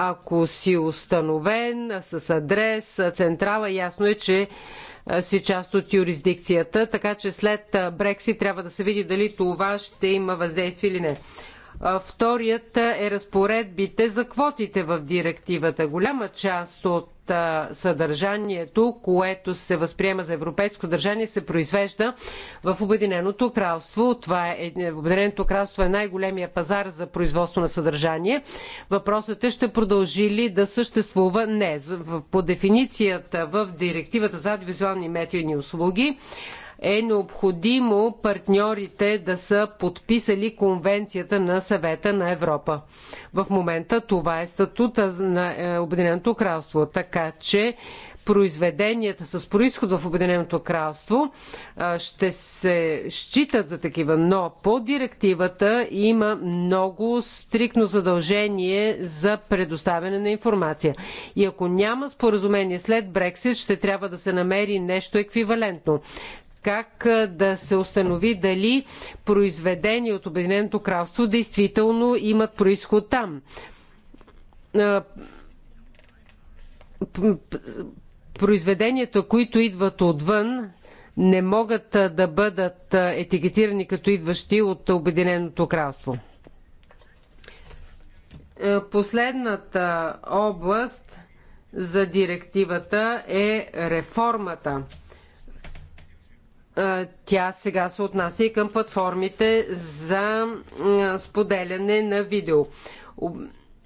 S2: ако си установен с адрес, централа, ясно е, че си част от юрисдикцията, така че след Брексит трябва да се види дали това ще има въздействие или не. Вторият е разпоредбите за квотите в директивата. Голяма част от съдържанието, което се възприема за европейско съдържание, се произвежда в Обединеното кралство. Това е, е, Обединеното кралство е най-големия пазар за производство на съдържание. Въпросът е ще продължи ли да съществува? Не. По дефиницията в директивата за аудиовизуални медийни услуги, е необходимо партньорите да са подписали Конвенцията на съвета на Европа. В момента това е статута на е, Обединеното кралство, така че произведенията с происход в Обединеното кралство ще се считат за такива, но по директивата има много стрикно задължение за предоставяне на информация. И ако няма споразумение след Брексит, ще трябва да се намери нещо еквивалентно как да се установи дали произведени от Обединеното кралство действително имат происход там. Произведенията, които идват отвън, не могат да бъдат етикетирани като идващи от Обединеното кралство. Последната област за директивата е реформата – е, тя сега се отнася и към платформите за е, споделяне на видео.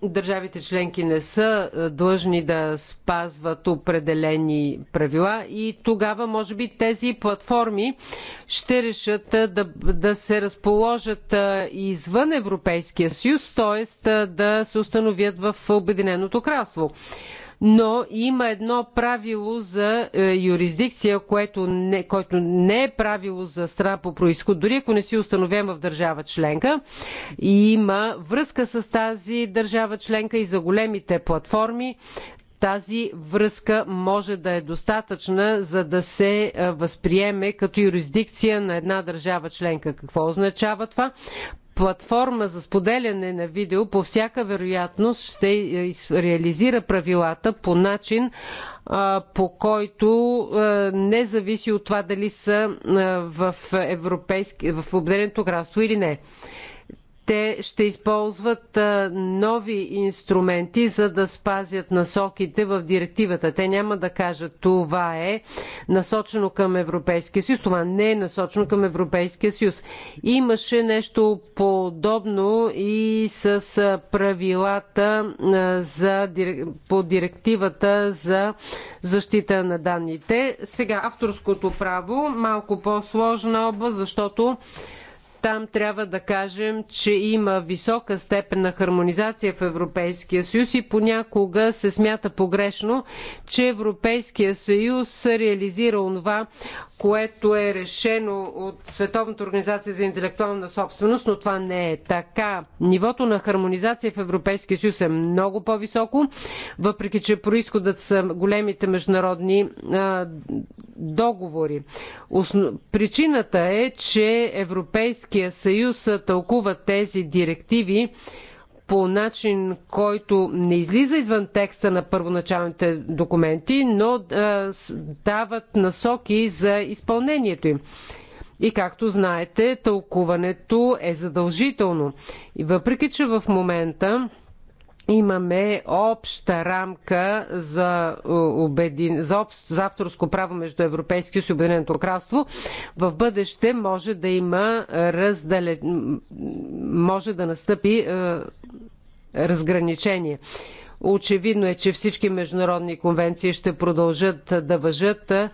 S2: Държавите членки не са е, длъжни да спазват определени правила и тогава може би тези платформи ще решат да, да се разположат извън Европейския съюз, т.е. да се установят в Обединеното кралство но има едно правило за е, юрисдикция, което не, което не е правило за страна по происход, дори ако не си установен в държава членка. И има връзка с тази държава членка и за големите платформи тази връзка може да е достатъчна, за да се е, възприеме като юрисдикция на една държава членка. Какво означава това? платформа за споделяне на видео по всяка вероятност ще реализира правилата по начин, по който не зависи от това дали са в, европейски, в обделеното кралство или не те ще използват нови инструменти, за да спазят насоките в директивата. Те няма да кажат това е насочено към Европейския съюз, това не е насочено към Европейския съюз. Имаше нещо подобно и с правилата за, по директивата за защита на данните. Сега авторското право, малко по-сложна област, защото там трябва да кажем, че има висока степен на хармонизация в Европейския съюз и понякога се смята погрешно, че Европейския съюз реализира онова, което е решено от Световната организация за интелектуална собственост, но това не е така. Нивото на хармонизация в Европейския съюз е много по-високо, въпреки че происходът са големите международни а, договори. Осно... Причината е, че Европейския съюз тълкува тези директиви по начин, който не излиза извън текста на първоначалните документи, но а, дават насоки за изпълнението им. И както знаете, тълкуването е задължително. И въпреки, че в момента имаме обща рамка за, е, обедин, за, об... за авторско право между Европейския и Обединеното кралство, в бъдеще може да има раздале... може да настъпи е, разграничение. Очевидно е, че всички международни конвенции ще продължат да въжат, е,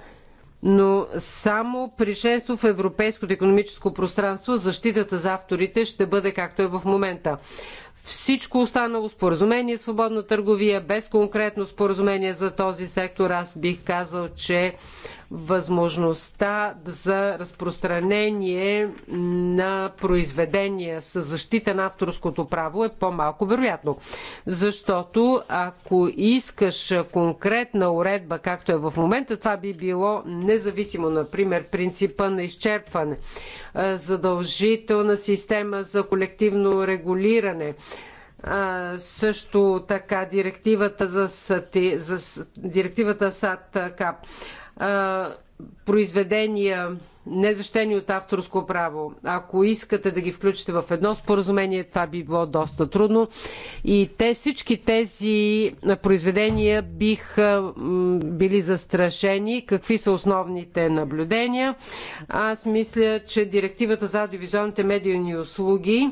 S2: но само при членство в Европейското економическо пространство защитата за авторите ще бъде както е в момента. Всичко останало споразумение, свободна търговия, без конкретно споразумение за този сектор, аз бих казал, че възможността за разпространение на произведения с защита на авторското право е по-малко вероятно. Защото ако искаш конкретна уредба, както е в момента, това би било независимо, например, принципа на изчерпване, задължителна система за колективно регулиране, също така директивата за, сати, за директивата САТ КАП а, произведения, незащитени от авторско право. Ако искате да ги включите в едно споразумение, това би било доста трудно. И те, всички тези произведения биха били застрашени. Какви са основните наблюдения? Аз мисля, че директивата за аудиовизуалните медийни услуги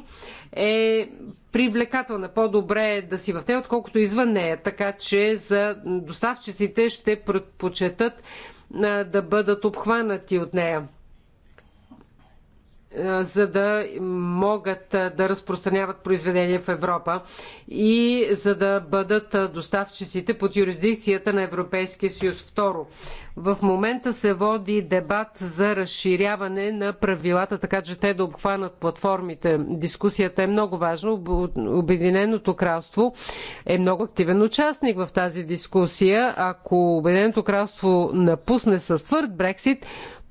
S2: е привлекателна. По-добре е да си в нея, отколкото извън нея. Така че за доставчиците ще предпочитат да бъдат обхванати от нея. Е, за да могат е, да разпространяват произведения в Европа и за да бъдат е, доставчиците под юрисдикцията на Европейския съюз. Второ, в момента се води дебат за разширяване на правилата, така че те да обхванат платформите. Дискусията е много важна. Обединеното кралство е много активен участник в тази дискусия. Ако Обединеното кралство напусне с твърд Брексит,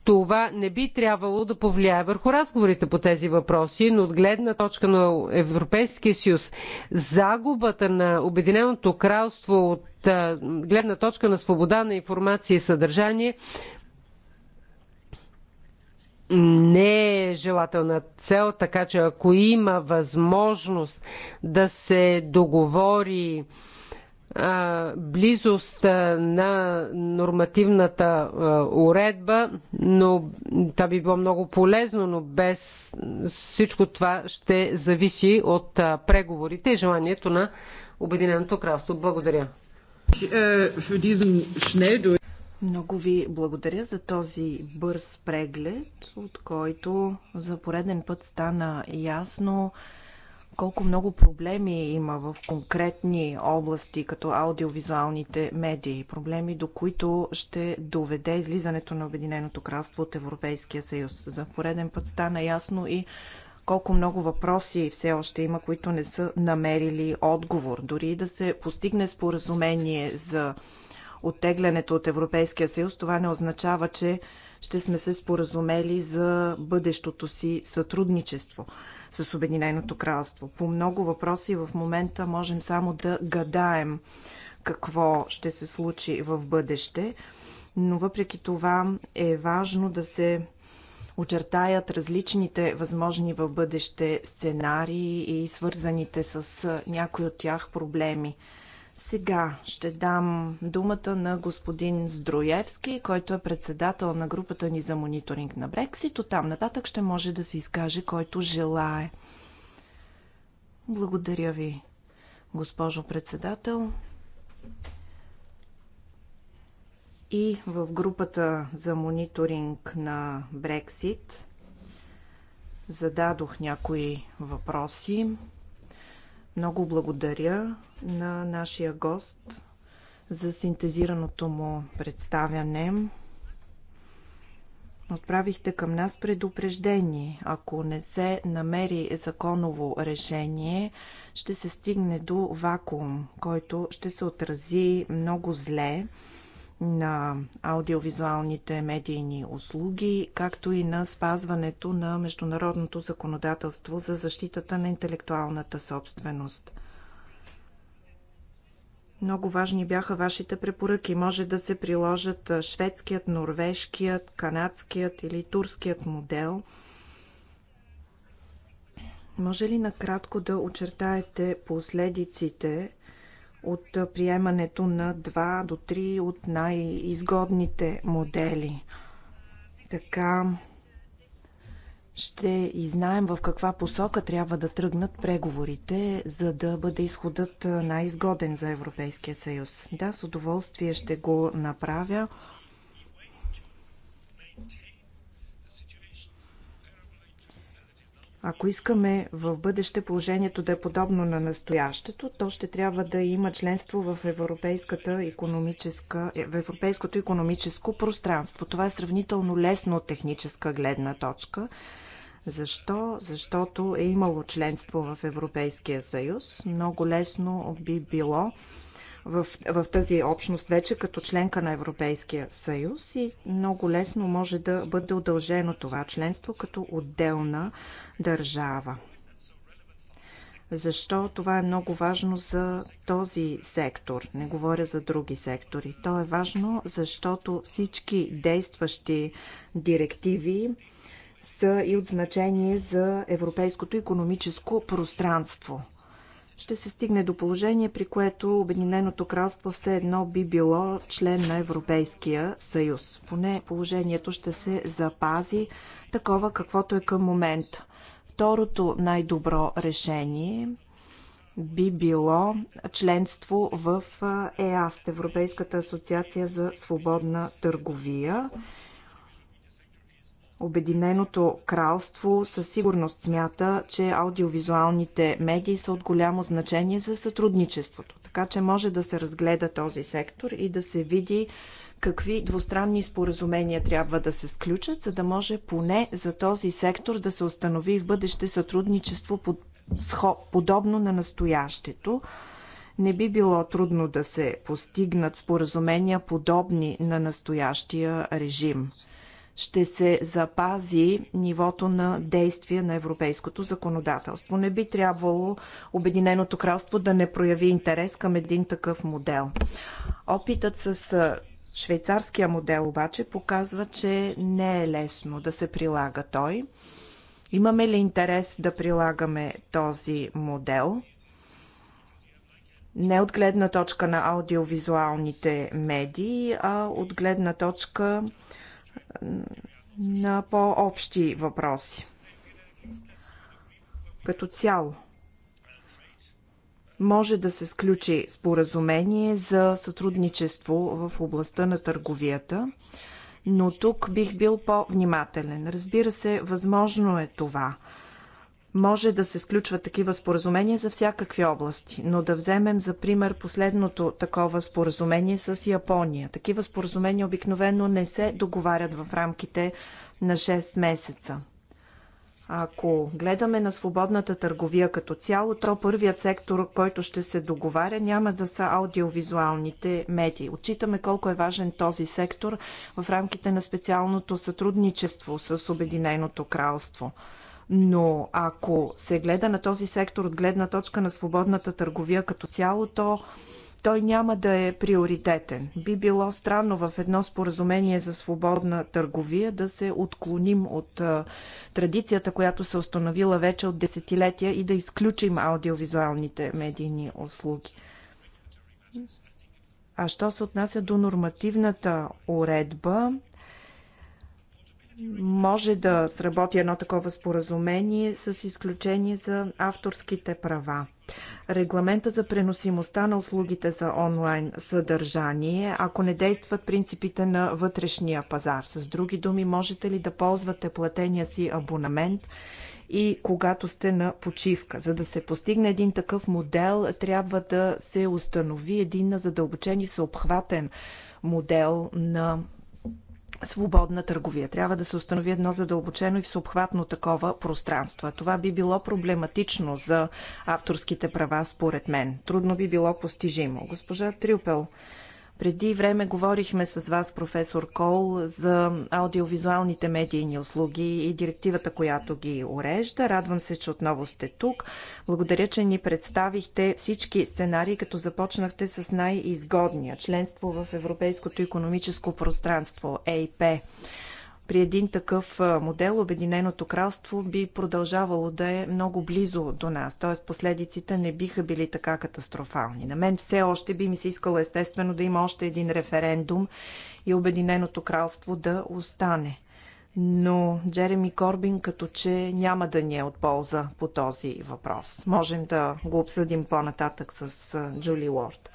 S2: това не би трябвало да повлияе върху разговорите по тези въпроси, но от гледна точка на Европейския съюз, загубата на Обединеното кралство от гледна точка на свобода на информация и съдържание не е желателна цел, така че ако има възможност да се договори близост на нормативната уредба, но това би било много полезно, но без всичко това ще зависи от преговорите и желанието на Обединеното кралство. Благодаря.
S1: Е, много ви благодаря за този бърз преглед, от който за пореден път стана ясно, колко много проблеми има в конкретни области, като аудиовизуалните медии, проблеми до които ще доведе излизането на Обединеното кралство от Европейския съюз. За пореден път стана ясно и колко много въпроси все още има, които не са намерили отговор. Дори да се постигне споразумение за оттеглянето от Европейския съюз, това не означава, че ще сме се споразумели за бъдещото си сътрудничество с Обединеното кралство. По много въпроси в момента можем само да гадаем какво ще се случи в бъдеще, но въпреки това е важно да се очертаят различните възможни в бъдеще сценарии и свързаните с някои от тях проблеми. Сега ще дам думата на господин Здроевски, който е председател на групата ни за мониторинг на Брексит. От там нататък ще може да се изкаже който желае. Благодаря ви, госпожо председател. И в групата за мониторинг на Брексит зададох някои въпроси. Много благодаря на нашия гост за синтезираното му представяне. Отправихте към нас предупреждение. Ако не се намери законово решение, ще се стигне до вакуум, който ще се отрази много зле на аудиовизуалните медийни услуги, както и на спазването на международното законодателство за защитата на интелектуалната собственост. Много важни бяха вашите препоръки. Може да се приложат шведският, норвежкият, канадският или турският модел. Може ли накратко да очертаете последиците от приемането на два до три от най-изгодните модели. Така ще и знаем в каква посока трябва да тръгнат преговорите, за да бъде изходът най-изгоден за Европейския съюз. Да, с удоволствие ще го направя. Ако искаме в бъдеще положението да е подобно на настоящето, то ще трябва да има членство в, европейската економическа, в европейското економическо пространство. Това е сравнително лесно от техническа гледна точка. Защо? Защото е имало членство в Европейския съюз. Много лесно би било в, в тази общност вече като членка на Европейския съюз и много лесно може да бъде удължено това членство като отделна държава. Защо това е много важно за този сектор? Не говоря за други сектори. То е важно, защото всички действащи директиви са и от значение за европейското економическо пространство. Ще се стигне до положение, при което Обединеното кралство все едно би било член на Европейския съюз. Поне положението ще се запази такова, каквото е към момента Второто най-добро решение би било членство в ЕАСТ, Европейската асоциация за свободна търговия. Обединеното кралство със сигурност смята, че аудиовизуалните медии са от голямо значение за сътрудничеството. Така че може да се разгледа този сектор и да се види какви двустранни споразумения трябва да се сключат, за да може поне за този сектор да се установи в бъдеще сътрудничество под, подобно на настоящето. Не би било трудно да се постигнат споразумения подобни на настоящия режим. Ще се запази нивото на действие на европейското законодателство. Не би трябвало Обединеното кралство да не прояви интерес към един такъв модел. Опитът с Швейцарския модел обаче показва, че не е лесно да се прилага той. Имаме ли интерес да прилагаме този модел? Не от гледна точка на аудиовизуалните медии, а от гледна точка на по-общи въпроси. Като цяло, може да се сключи споразумение за сътрудничество в областта на търговията, но тук бих бил по-внимателен. Разбира се, възможно е това. Може да се сключват такива споразумения за всякакви области, но да вземем за пример последното такова споразумение с Япония. Такива споразумения обикновено не се договарят в рамките на 6 месеца. Ако гледаме на свободната търговия като цяло, то първият сектор, който ще се договаря, няма да са аудиовизуалните медии. Отчитаме колко е важен този сектор в рамките на специалното сътрудничество с Обединеното кралство. Но ако се гледа на този сектор от гледна точка на свободната търговия като цяло, то той няма да е приоритетен. Би било странно в едно споразумение за свободна търговия да се отклоним от традицията, която се установила вече от десетилетия и да изключим аудиовизуалните медийни услуги. А що се отнася до нормативната уредба, може да сработи едно такова споразумение с изключение за авторските права. Регламента за преносимостта на услугите за онлайн съдържание, ако не действат принципите на вътрешния пазар. С други думи, можете ли да ползвате платения си абонамент и когато сте на почивка. За да се постигне един такъв модел, трябва да се установи един на задълбочен и съобхватен модел на свободна търговия. Трябва да се установи едно задълбочено и всеобхватно такова пространство. това би било проблематично за авторските права, според мен. Трудно би било постижимо. Госпожа Трюпел преди време говорихме с вас, професор Кол, за аудиовизуалните медийни услуги и директивата, която ги урежда. Радвам се, че отново сте тук. Благодаря, че ни представихте всички сценарии, като започнахте с най-изгодния членство в Европейското економическо пространство, ЕИП. При един такъв модел Обединеното кралство би продължавало да е много близо до нас, т.е. последиците не биха били така катастрофални. На мен все още би ми се искало естествено да има още един референдум и Обединеното кралство да остане. Но Джереми Корбин като че няма да ни е от полза по този въпрос. Можем да го обсъдим по-нататък с Джули Уорд.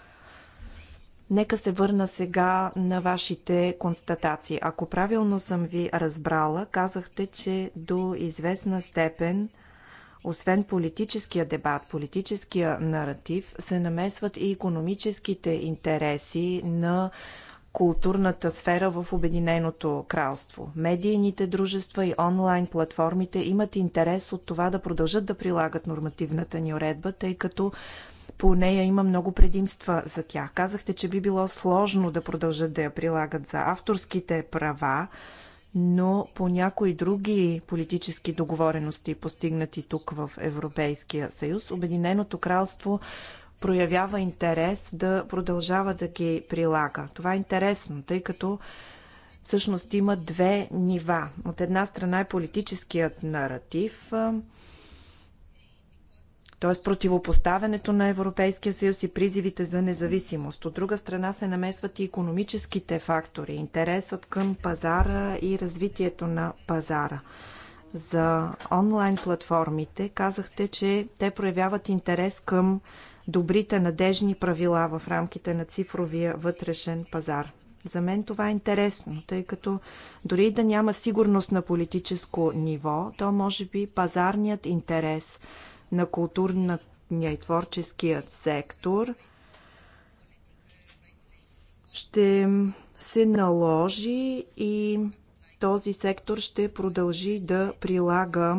S1: Нека се върна сега на вашите констатации. Ако правилно съм ви разбрала, казахте, че до известна степен, освен политическия дебат, политическия наратив, се намесват и економическите интереси на културната сфера в Обединеното кралство. Медийните дружества и онлайн платформите имат интерес от това да продължат да прилагат нормативната ни уредба, тъй като по нея има много предимства за тях. Казахте, че би било сложно да продължат да я прилагат за авторските права, но по някои други политически договорености, постигнати тук в Европейския съюз, Обединеното кралство проявява интерес да продължава да ги прилага. Това е интересно, тъй като всъщност има две нива. От една страна е политическият наратив – т.е. противопоставянето на Европейския съюз и призивите за независимост. От друга страна се намесват и економическите фактори, интересът към пазара и развитието на пазара. За онлайн платформите казахте, че те проявяват интерес към добрите надежни правила в рамките на цифровия вътрешен пазар. За мен това е интересно, тъй като дори да няма сигурност на политическо ниво, то може би пазарният интерес на културния и творческият сектор, ще се наложи и този сектор ще продължи да прилага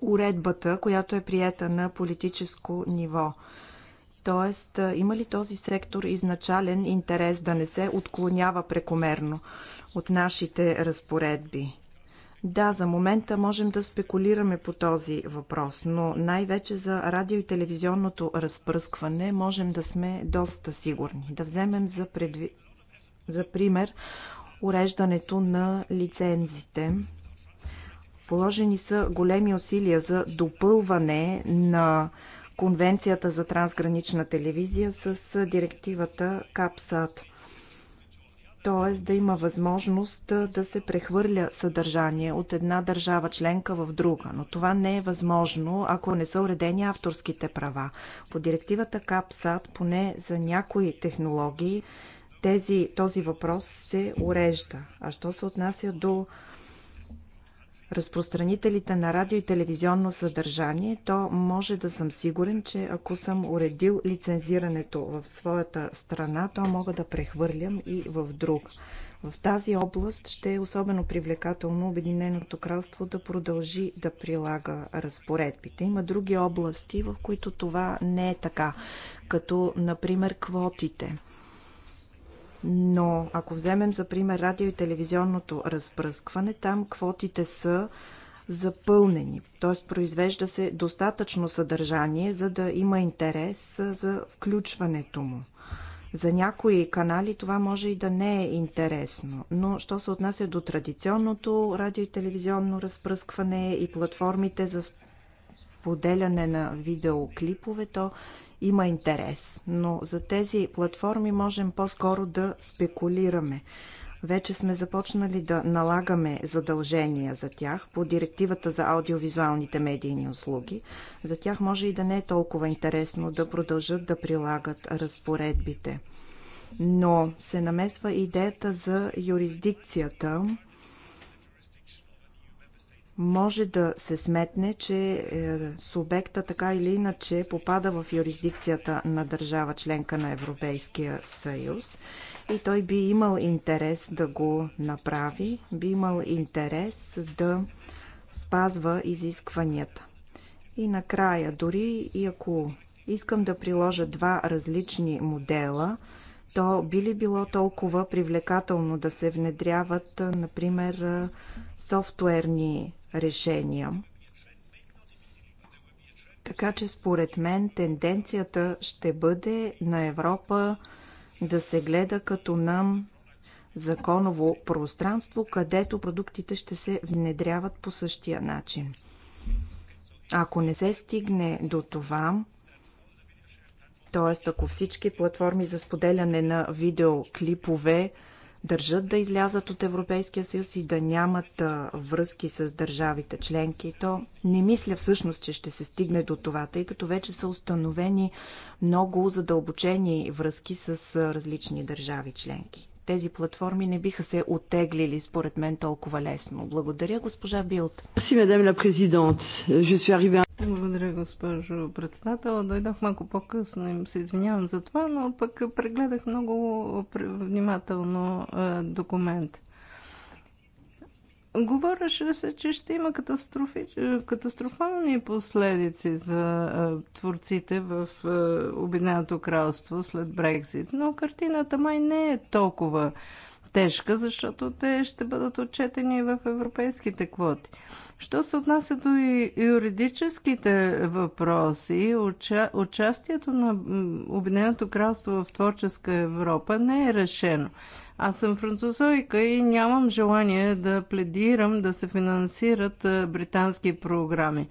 S1: уредбата, която е приета на политическо ниво. Тоест, има ли този сектор изначален интерес да не се отклонява прекомерно от нашите разпоредби? Да, за момента можем да спекулираме по този въпрос, но най-вече за радио и телевизионното разпръскване можем да сме доста сигурни. Да вземем за, предви... за пример уреждането на лицензите. Положени са големи усилия за допълване на Конвенцията за трансгранична телевизия с директивата КАПСАТ – т.е. да има възможност да се прехвърля съдържание от една държава членка в друга. Но това не е възможно, ако не са уредени авторските права. По директивата КАПСАД, поне за някои технологии, тези, този въпрос се урежда. А що се отнася до разпространителите на радио и телевизионно съдържание, то може да съм сигурен, че ако съм уредил лицензирането в своята страна, то мога да прехвърлям и в друг. В тази област ще е особено привлекателно Обединеното кралство да продължи да прилага разпоредбите. Има други области, в които това не е така, като например квотите – но ако вземем за пример радио и телевизионното разпръскване, там квотите са запълнени, т.е. произвежда се достатъчно съдържание, за да има интерес за включването му. За някои канали това може и да не е интересно, но що се отнася до традиционното радио и телевизионно разпръскване и платформите за поделяне на видеоклипове, то има интерес, но за тези платформи можем по-скоро да спекулираме. Вече сме започнали да налагаме задължения за тях по директивата за аудиовизуалните медийни услуги. За тях може и да не е толкова интересно да продължат да прилагат разпоредбите. Но се намесва идеята за юрисдикцията може да се сметне, че е, субекта така или иначе попада в юрисдикцията на държава членка на Европейския съюз и той би имал интерес да го направи, би имал интерес да спазва изискванията. И накрая, дори и ако искам да приложа два различни модела, то би ли било толкова привлекателно да се внедряват, например, софтуерни решения? Така че според мен тенденцията ще бъде на Европа да се гледа като на законово пространство, където продуктите ще се внедряват по същия начин. Ако не се стигне до това, Тоест, ако всички платформи за споделяне на видеоклипове държат да излязат от Европейския съюз и да нямат връзки с държавите членки, то не мисля всъщност, че ще се стигне до това, тъй като вече са установени много задълбочени връзки с различни държави членки тези платформи не биха се оттеглили, според мен, толкова лесно.
S3: Благодаря, госпожа Билт. Благодаря, госпожо председател. Дойдох малко по-късно и се извинявам за това, но пък прегледах много внимателно е, документ. Говореше се, че ще има катастрофи... Е, катастрофални последици за а, е, творците в е, Обединеното кралство след Брекзит, но картината май не е толкова а, тежка, защото те ще бъдат отчетени в европейските квоти. Що се отнася до юридическите въпроси, уча... участието на Обединеното кралство в творческа Европа не е решено. Аз съм французойка и нямам желание да пледирам да се финансират британски програми.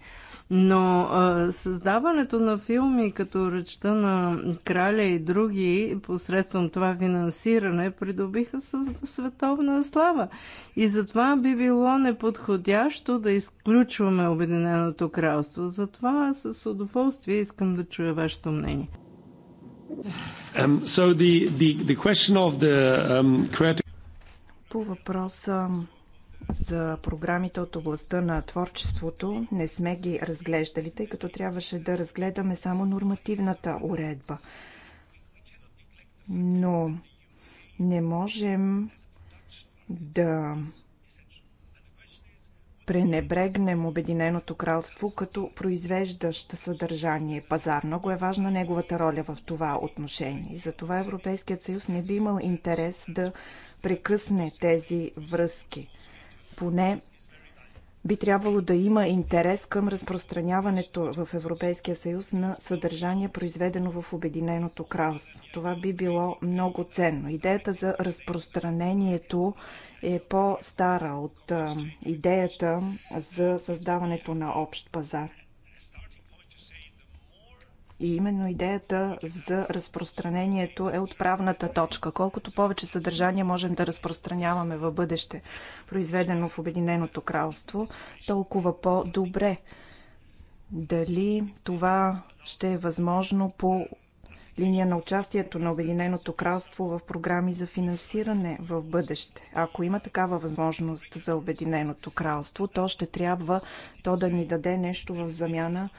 S3: Но а, създаването на филми като речта на краля и други, посредством това финансиране, придобиха с световна слава. И затова би било неподходящо да изключваме Обединеното кралство. Затова с удоволствие искам да чуя вашето мнение.
S2: Um, so the, the, the question of the, um, creative...
S3: По въпроса за
S1: програмите от областта на творчеството не сме ги разглеждали, тъй като трябваше да разгледаме само нормативната уредба. Но не можем да пренебрегнем Обединеното кралство като произвеждащ съдържание пазар. Много е важна неговата роля в това отношение. Затова Европейският съюз не би имал интерес да прекъсне тези връзки поне би трябвало да има интерес към разпространяването в Европейския съюз на съдържание, произведено в Обединеното кралство. Това би било много ценно. Идеята за разпространението е по-стара от идеята за създаването на общ пазар. И именно идеята за разпространението е отправната точка. Колкото повече съдържание можем да разпространяваме в бъдеще, произведено в Обединеното кралство, толкова по-добре. Дали това ще е възможно по линия на участието на Обединеното кралство в програми за финансиране в бъдеще. Ако има такава възможност за Обединеното кралство, то ще трябва то да ни даде нещо в замяна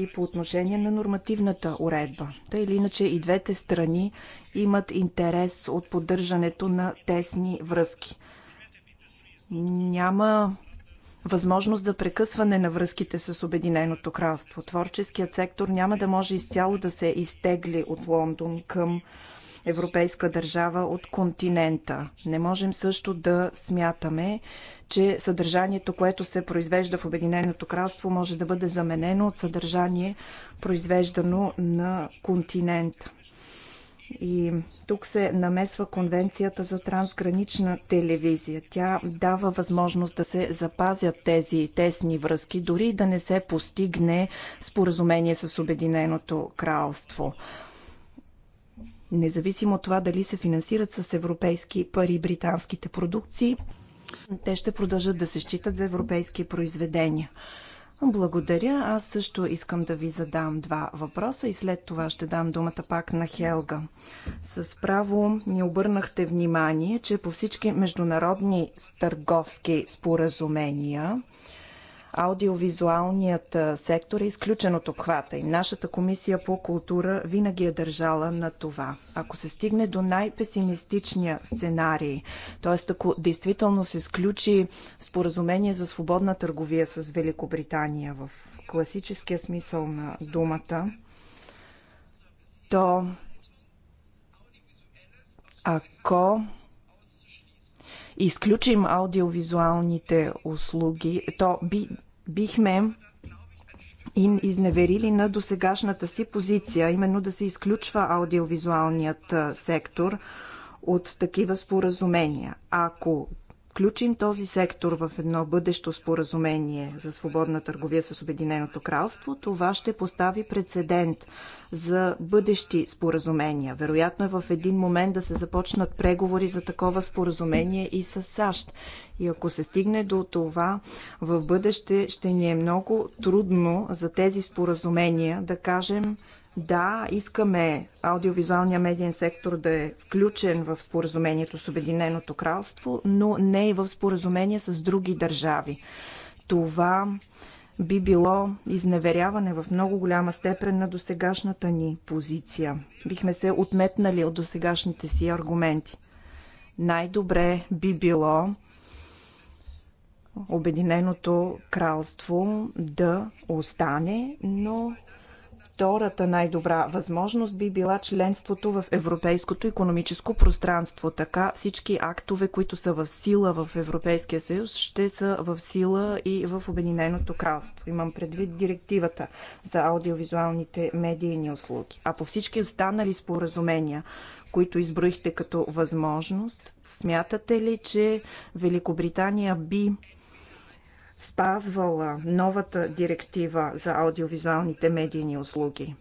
S1: и по отношение на нормативната уредба. Та или иначе и двете страни имат интерес от поддържането на тесни връзки. Няма възможност за прекъсване на връзките с Обединеното кралство. Творческият сектор няма да може изцяло да се изтегли от Лондон към европейска държава от континента. Не можем също да смятаме, че съдържанието, което се произвежда в Обединеното кралство, може да бъде заменено от съдържание, произвеждано на континента. И тук се намесва конвенцията за трансгранична телевизия. Тя дава възможност да се запазят тези тесни връзки, дори да не се постигне споразумение с Обединеното кралство независимо от това дали се финансират с европейски пари британските продукции, те ще продължат да се считат за европейски произведения. Благодаря. Аз също искам да ви задам два въпроса и след това ще дам думата пак на Хелга. С право ни обърнахте внимание, че по всички международни търговски споразумения аудиовизуалният сектор е изключен от обхвата и Нашата комисия по култура винаги е държала на това. Ако се стигне до най-песимистичния сценарий, т.е. ако действително се сключи споразумение за свободна търговия с Великобритания в класическия смисъл на думата, то ако изключим аудиовизуалните услуги, то би, бихме и изневерили на досегашната си позиция, именно да се изключва аудиовизуалният сектор от такива споразумения. Ако включим този сектор в едно бъдещо споразумение за свободна търговия с Обединеното кралство, това ще постави прецедент за бъдещи споразумения. Вероятно е в един момент да се започнат преговори за такова споразумение и с САЩ. И ако се стигне до това, в бъдеще ще ни е много трудно за тези споразумения да кажем да, искаме аудиовизуалния медиен сектор да е включен в споразумението с Обединеното кралство, но не и в споразумение с други държави. Това би било изневеряване в много голяма степен на досегашната ни позиция. Бихме се отметнали от досегашните си аргументи. Най-добре би било Обединеното кралство да остане, но втората най-добра възможност би била членството в Европейското економическо пространство. Така всички актове, които са в сила в Европейския съюз, ще са в сила и в Обединеното кралство. Имам предвид директивата за аудиовизуалните медийни услуги. А по всички останали споразумения, които изброихте като възможност, смятате ли, че Великобритания би спазвала новата директива за аудиовизуалните медийни услуги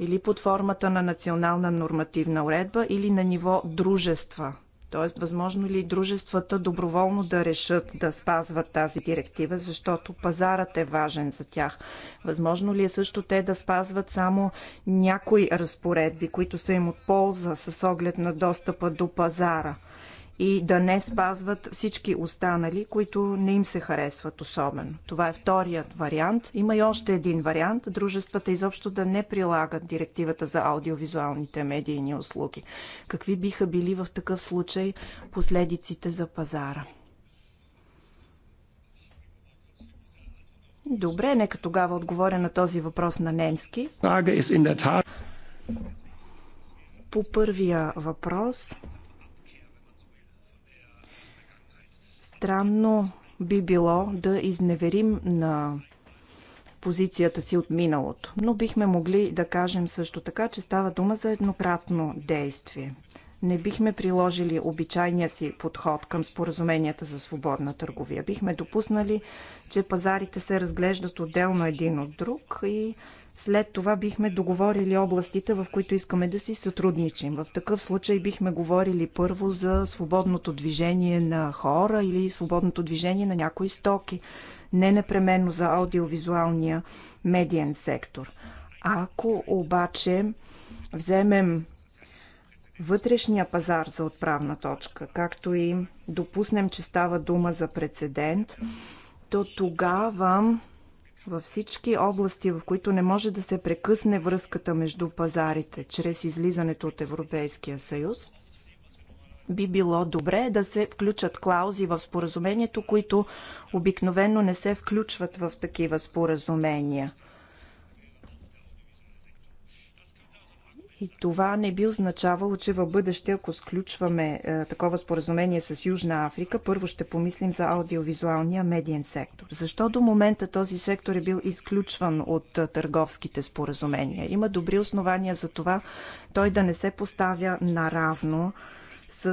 S1: или под формата на национална нормативна уредба или на ниво дружества. Тоест, възможно ли дружествата доброволно да решат да спазват тази директива, защото пазарът е важен за тях? Възможно ли е също те да спазват само някои разпоредби, които са им от полза с оглед на достъпа до пазара – и да не спазват всички останали, които не им се харесват особено. Това е вторият вариант. Има и още един вариант дружествата изобщо да не прилагат директивата за аудиовизуалните медийни услуги. Какви биха били в такъв случай последиците за пазара? Добре, нека тогава отговоря на този въпрос на немски. По първия въпрос, Странно би било да изневерим на позицията си от миналото. Но бихме могли да кажем също така, че става дума за еднократно действие. Не бихме приложили обичайния си подход към споразуменията за свободна търговия. Бихме допуснали, че пазарите се разглеждат отделно един от друг и след това бихме договорили областите, в които искаме да си сътрудничим. В такъв случай бихме говорили първо за свободното движение на хора или свободното движение на някои стоки, не непременно за аудиовизуалния медиен сектор. Ако обаче вземем вътрешния пазар за отправна точка, както и допуснем, че става дума за прецедент, то тогава във всички области, в които не може да се прекъсне връзката между пазарите чрез излизането от Европейския съюз, би било добре да се включат клаузи в споразумението, които обикновено не се включват в такива споразумения – И това не би означавало, че в бъдеще, ако сключваме е, такова споразумение с Южна Африка, първо ще помислим за аудиовизуалния медиен сектор. Защо до момента този сектор е бил изключван от е, търговските споразумения? Има добри основания за това той да не се поставя наравно с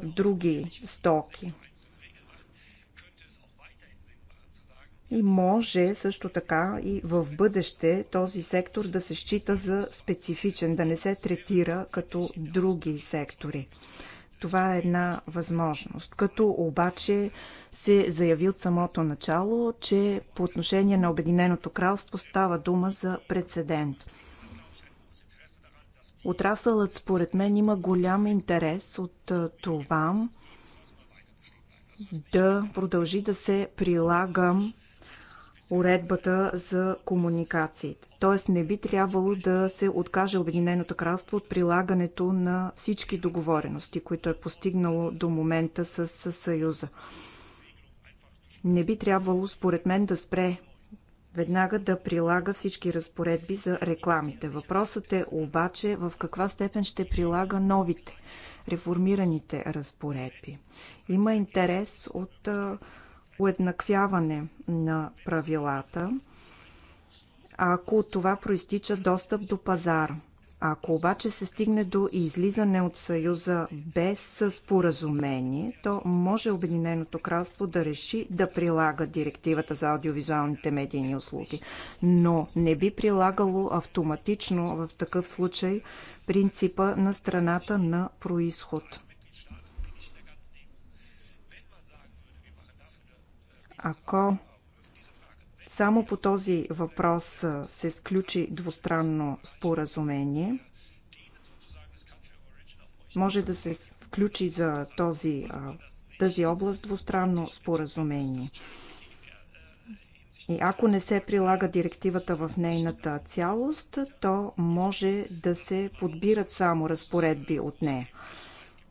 S1: е, други стоки. И може също така и в бъдеще този сектор да се счита за специфичен, да не се третира като други сектори. Това е една възможност. Като обаче се заяви от самото начало, че по отношение на Обединеното кралство става дума за прецедент. Отрасълът според мен има голям интерес от това да продължи да се прилага уредбата за комуникациите. Тоест не би трябвало да се откаже Обединеното кралство от прилагането на всички договорености, които е постигнало до момента с, Съюза. Не би трябвало, според мен, да спре веднага да прилага всички разпоредби за рекламите. Въпросът е обаче в каква степен ще прилага новите, реформираните разпоредби. Има интерес от уеднаквяване на правилата, ако това проистича достъп до пазара. Ако обаче се стигне до излизане от Съюза без споразумение, то може Обединеното кралство да реши да прилага директивата за аудиовизуалните медийни услуги, но не би прилагало автоматично в такъв случай принципа на страната на происход. Ако само по този въпрос се сключи двустранно споразумение, може да се включи за този, тази област двустранно споразумение. И ако не се прилага директивата в нейната цялост, то може да се подбират само разпоредби от нея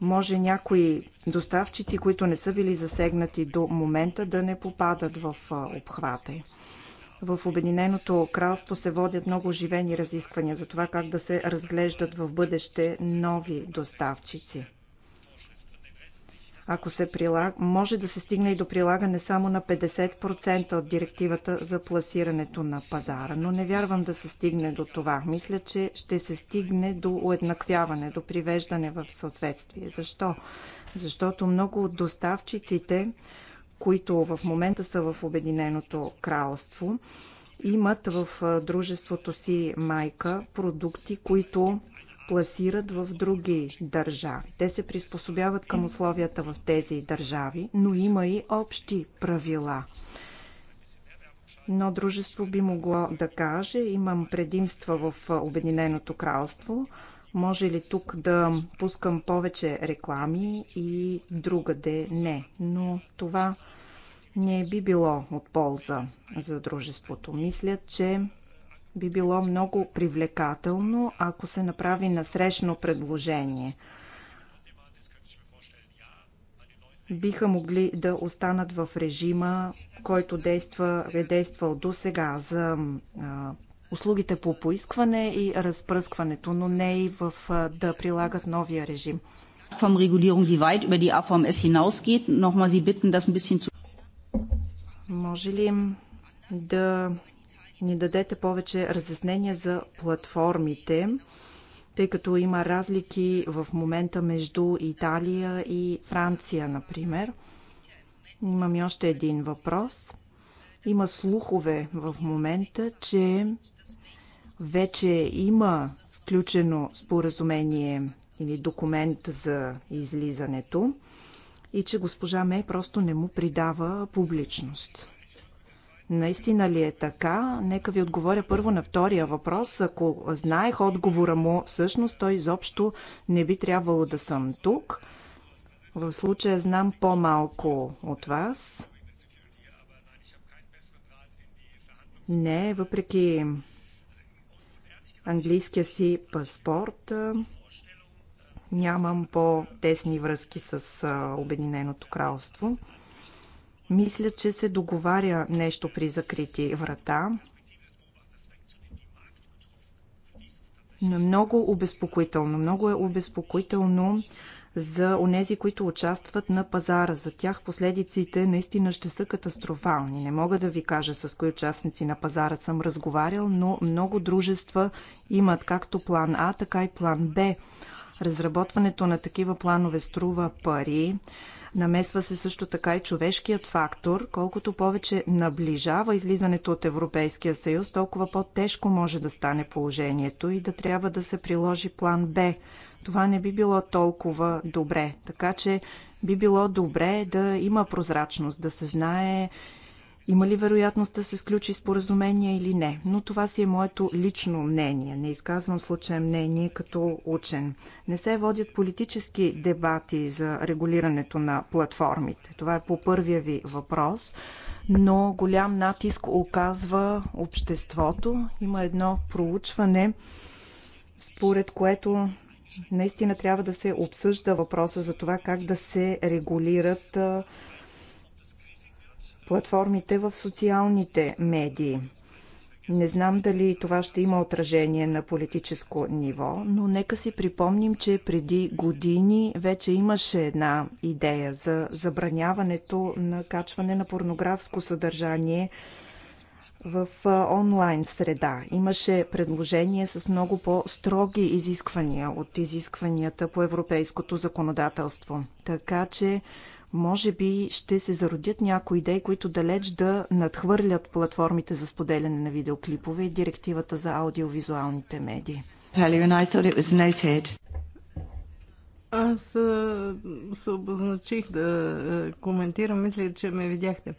S1: може някои доставчици, които не са били засегнати до момента, да не попадат в обхвата й. В Обединеното кралство се водят много оживени разисквания за това как да се разглеждат в бъдеще нови доставчици ако се прилага, може да се стигне и до прилагане само на 50% от директивата за пласирането на пазара, но не вярвам да се стигне до това. Мисля, че ще се стигне до уеднаквяване, до привеждане в съответствие. Защо? Защото много от доставчиците, които в момента са в Обединеното кралство, имат в дружеството си майка продукти, които пласират в други държави. Те се приспособяват към условията в тези държави, но има и общи правила. Но дружество би могло да каже, имам предимства в Обединеното кралство, може ли тук да пускам повече реклами и другаде не. Но това не би било от полза за дружеството. Мисля, че би било много привлекателно, ако се направи насрещно предложение. Биха могли да останат в режима, който действа, е действал до сега за а, услугите по поискване и разпръскването, но не и в, а, да прилагат новия режим. Може ли да ни дадете повече разяснения за платформите, тъй като има разлики в момента между Италия и Франция, например. Имам и още един въпрос. Има слухове в момента, че вече има сключено споразумение или документ за излизането и че госпожа Мей просто не му придава публичност. Наистина ли е така? Нека ви отговоря първо на втория въпрос. Ако знаех отговора му, всъщност той изобщо не би трябвало да съм тук. В случая знам по-малко от вас. Не, въпреки английския си паспорт, нямам по-тесни връзки с Обединеното кралство. Мисля, че се договаря нещо при закрити врата. Но много обезпокоително, много е обезпокоително за онези, които участват на пазара. За тях последиците наистина ще са катастрофални. Не мога да ви кажа с кои участници на пазара съм разговарял, но много дружества имат както план А, така и план Б. Разработването на такива планове струва пари. Намесва се също така и човешкият фактор. Колкото повече наближава излизането от Европейския съюз, толкова по-тежко може да стане положението и да трябва да се приложи план Б. Това не би било толкова добре. Така че би било добре да има прозрачност, да се знае има ли вероятност да се сключи споразумение или не? Но това си е моето лично мнение. Не изказвам случая мнение като учен. Не се водят политически дебати за регулирането на платформите. Това е по първия ви въпрос но голям натиск оказва обществото. Има едно проучване, според което наистина трябва да се обсъжда въпроса за това как да се регулират платформите в социалните медии. Не знам дали това ще има отражение на политическо ниво, но нека си припомним, че преди години вече имаше една идея за забраняването на качване на порнографско съдържание в онлайн среда. Имаше предложение с много по-строги изисквания от изискванията по европейското законодателство. Така че може би ще се зародят някои идеи, които далеч да надхвърлят платформите за споделяне на видеоклипове и директивата за аудиовизуалните медии.
S3: Аз се обозначих да коментирам. Мисля, че ме видяхте.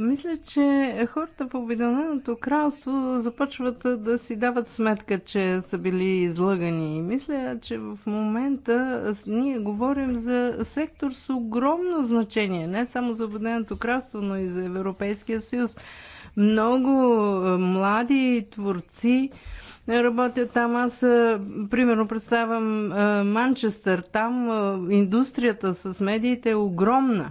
S3: Мисля, че хората в Обединеното кралство започват да си дават сметка, че са били излъгани. мисля, че в момента ние говорим за сектор с огромно значение, не само за Обединеното кралство, но и за Европейския съюз. Много е, млади творци работят там. Аз, е, примерно, представям е, Манчестър. Там индустрията с медиите е огромна.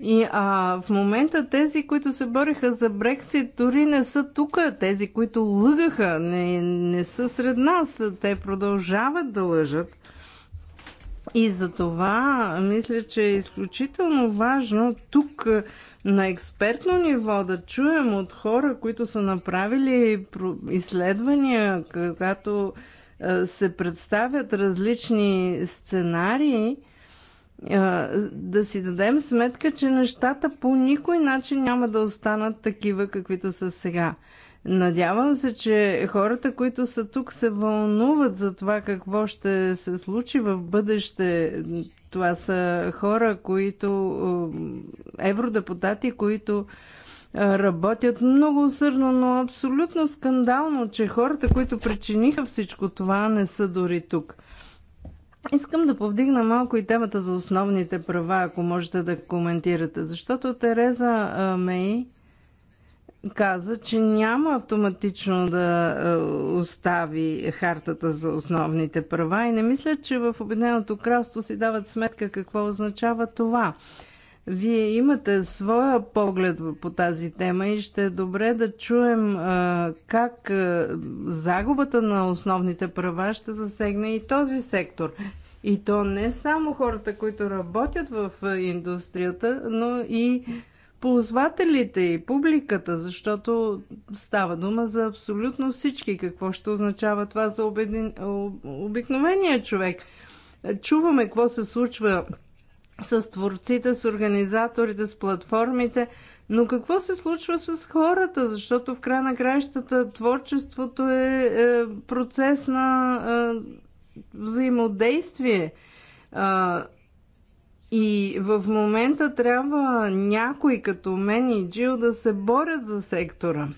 S3: И а, в момента тези, които се бореха за Брексит, дори не са тук. Тези, които лъгаха, не, не са сред нас. Те продължават да лъжат. И за това мисля, че е изключително важно тук на експертно ниво да чуем от хора, които са направили изследвания, когато се представят различни сценарии, да си дадем сметка, че нещата по никой начин няма да останат такива, каквито са сега. Надявам се, че хората, които са тук, се вълнуват за това какво ще се случи в бъдеще. Това са хора, които евродепутати, които работят много усърдно, но абсолютно скандално, че хората, които причиниха всичко това, не са дори тук. Искам да повдигна малко и темата за основните права, ако можете да коментирате, защото Тереза Мей каза, че няма автоматично да остави хартата за основните права и не мисля, че в Обединеното кралство си дават сметка какво означава това. Вие имате своя поглед по тази тема и ще е добре да чуем как загубата на основните права ще засегне и този сектор. И то не само хората, които работят в индустрията, но и ползвателите и публиката, защото става дума за абсолютно всички. Какво ще означава това за обедин... обикновения човек? Чуваме какво се случва с творците, с организаторите, с платформите. Но какво се случва с хората? Защото в край на краищата творчеството е, е процес на е, взаимодействие. Е, и в момента трябва някой като мен и Джил да се борят за сектора.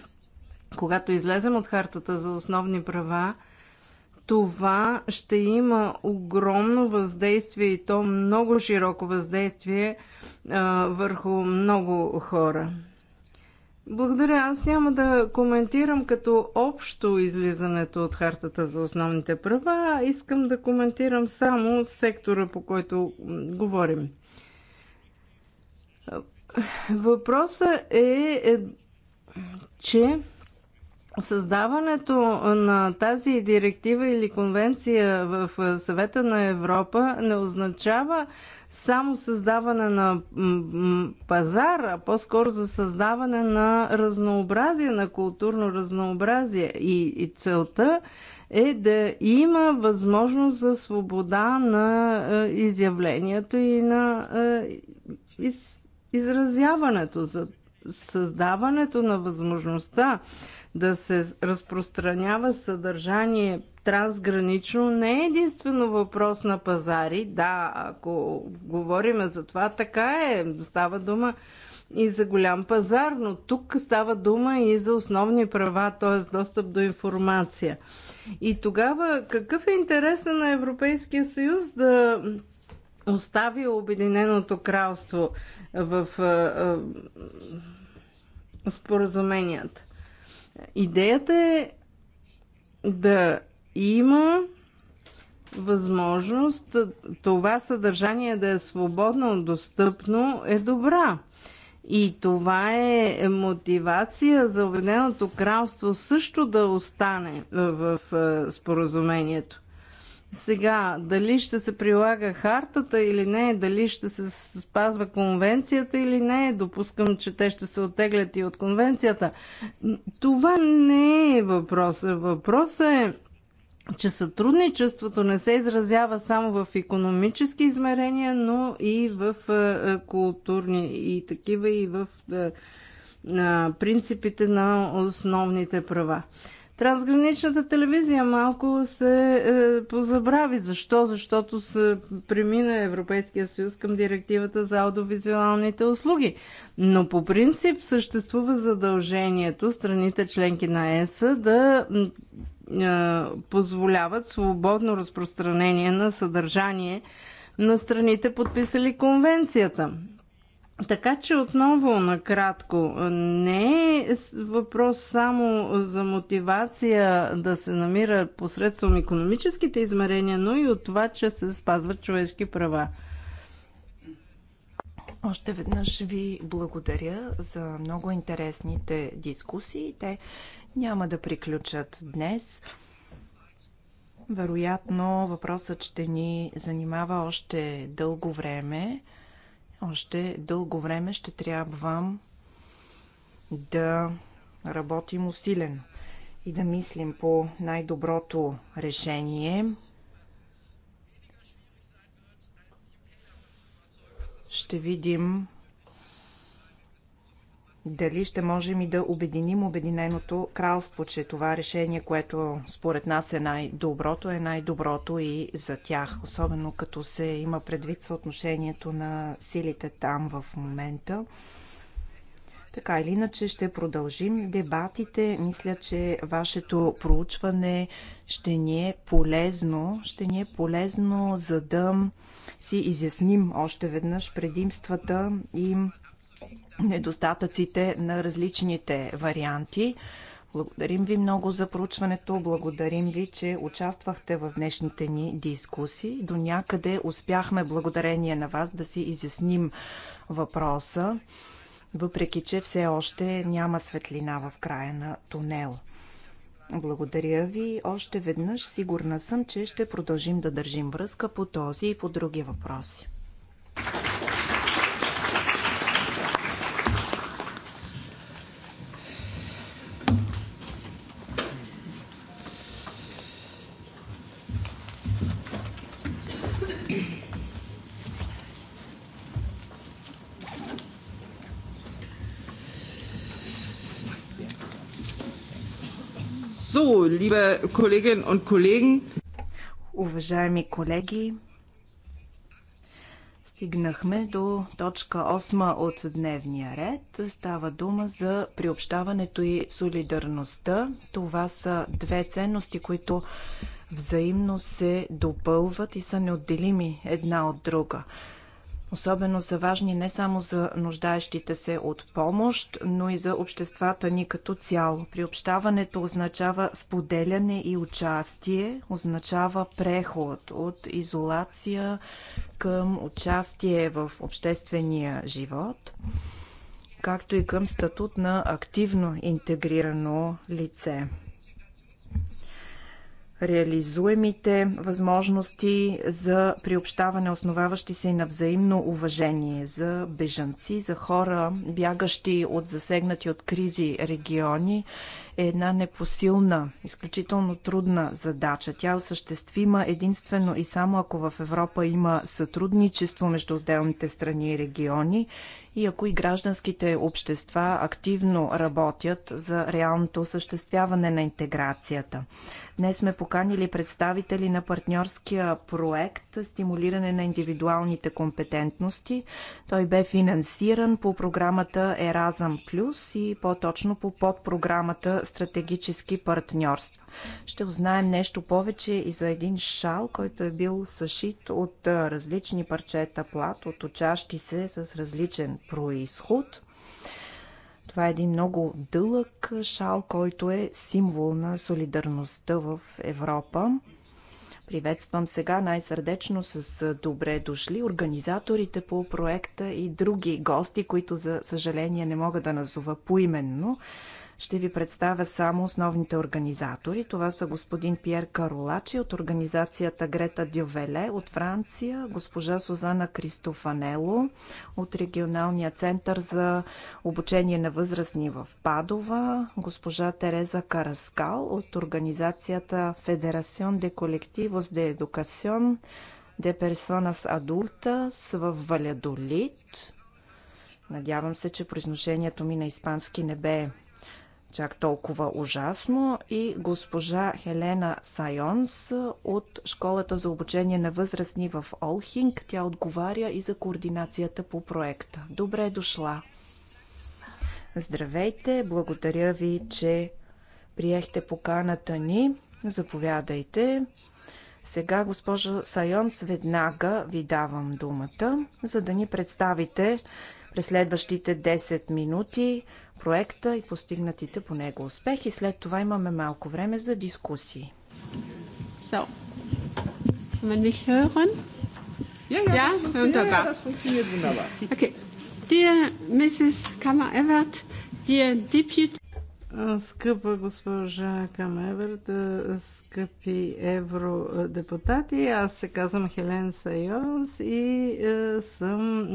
S3: Когато излезем от хартата за основни права, това ще има огромно въздействие и то много широко въздействие а, върху много хора. Благодаря. Аз няма да коментирам като общо излизането от хартата за основните права. Искам да коментирам само сектора, по който говорим. Въпросът е, е че Създаването на тази директива или конвенция в е, съвета на Европа не означава само създаване на пазар, а по-скоро за създаване на разнообразие, на културно разнообразие. И, и целта е да има възможност за свобода на е, изявлението и на е, из, изразяването, за създаването на възможността да се разпространява съдържание трансгранично не е единствено въпрос на пазари. Да, ако говорим за това, така е. Става дума и за голям пазар, но тук става дума и за основни права, т.е. достъп до информация. И тогава какъв е интересът на Европейския съюз да остави Обединеното кралство в споразуменията? Идеята е да има възможност това съдържание да е свободно достъпно е добра. И това е мотивация за Обединеното кралство също да остане в споразумението. Сега, дали ще се прилага хартата или не, дали ще се спазва конвенцията или не, допускам, че те ще се оттеглят и от конвенцията. Това не е въпросът. Въпросът е, че сътрудничеството не се изразява само в економически измерения, но и в е, е, културни и такива, и в е, принципите на основните права. Трансграничната телевизия малко се е, позабрави. Защо? Защото се премина Европейския съюз към директивата за аудиовизуалните услуги. Но по принцип съществува задължението страните членки на ЕС да е, позволяват свободно разпространение на съдържание на страните подписали конвенцията. Така че отново накратко, не е въпрос само за мотивация да се намира посредством економическите измерения, но и от това, че се спазват човешки права.
S1: Още веднъж ви благодаря за много интересните дискусии. Те няма да приключат днес. Вероятно въпросът ще ни занимава още дълго време. Още дълго време ще трябва да работим усилено и да мислим по най-доброто решение. Ще видим дали ще можем и да обединим Обединеното кралство, че това решение, което според нас е най-доброто, е най-доброто и за тях, особено като се има предвид съотношението на силите там в момента. Така или иначе ще продължим дебатите. Мисля, че вашето проучване ще ни е полезно. Ще ни е полезно, за да си изясним още веднъж предимствата и недостатъците на различните варианти. Благодарим ви много за проучването. Благодарим ви, че участвахте в днешните ни дискусии. До някъде успяхме благодарение на вас да си изясним въпроса, въпреки че все още няма светлина в края на тунел. Благодаря ви още веднъж. Сигурна съм, че ще продължим да държим връзка по този и по други въпроси.
S3: liebe Kolleginnen und Kollegen.
S1: Уважаеми колеги, стигнахме до точка 8 от дневния ред. Става дума за приобщаването и солидарността. Това са две ценности, които взаимно се допълват и са неотделими една от друга. Особено са важни не само за нуждаещите се от помощ, но и за обществата ни като цяло. Приобщаването означава споделяне и участие, означава преход от изолация към участие в обществения живот, както и към статут на активно интегрирано лице реализуемите възможности за приобщаване, основаващи се и на взаимно уважение за бежанци, за хора, бягащи от засегнати от кризи региони е една непосилна, изключително трудна задача. Тя е осъществима единствено и само ако в Европа има сътрудничество между отделните страни и региони и ако и гражданските общества активно работят за реалното осъществяване на интеграцията. Днес сме поканили представители на партньорския проект Стимулиране на индивидуалните компетентности. Той бе финансиран по програмата Еразъм Плюс и по-точно по подпрограмата стратегически партньорства. Ще узнаем нещо повече и за един шал, който е бил съшит от различни парчета плат, от учащи се с различен происход. Това е един много дълъг шал, който е символ на солидарността в Европа. Приветствам сега най-сърдечно с добре дошли организаторите по проекта и други гости, които за съжаление не мога да назова поименно. Ще ви представя само основните организатори. Това са господин Пьер Каролачи от организацията Грета Дювеле от Франция, госпожа Сузана Кристофанело от Регионалния център за обучение на възрастни в Падова, госпожа Тереза Караскал от организацията Федерацион де Колективос де Едукасион де Персонас Адултас в Валядолит. Надявам се, че произношението ми на испански не бе чак толкова ужасно, и госпожа Хелена Сайонс от Школата за обучение на възрастни в Олхинг. Тя отговаря и за координацията по проекта. Добре дошла! Здравейте! Благодаря ви, че приехте поканата ни. Заповядайте. Сега, госпожо Сайонс, веднага ви давам думата, за да ни представите през следващите 10 минути проекта и постигнатите по него успехи. След това имаме малко време за дискусии.
S2: So. mich hören? Ja, ja, ja, das, funktioniert, ja, das funktioniert wunderbar. Okay. Dear Mrs. Kammer-Evert,
S3: dear Deputy... Скъпа госпожа Камеверт, скъпи евродепутати, аз се казвам Хелен Сайонс и съм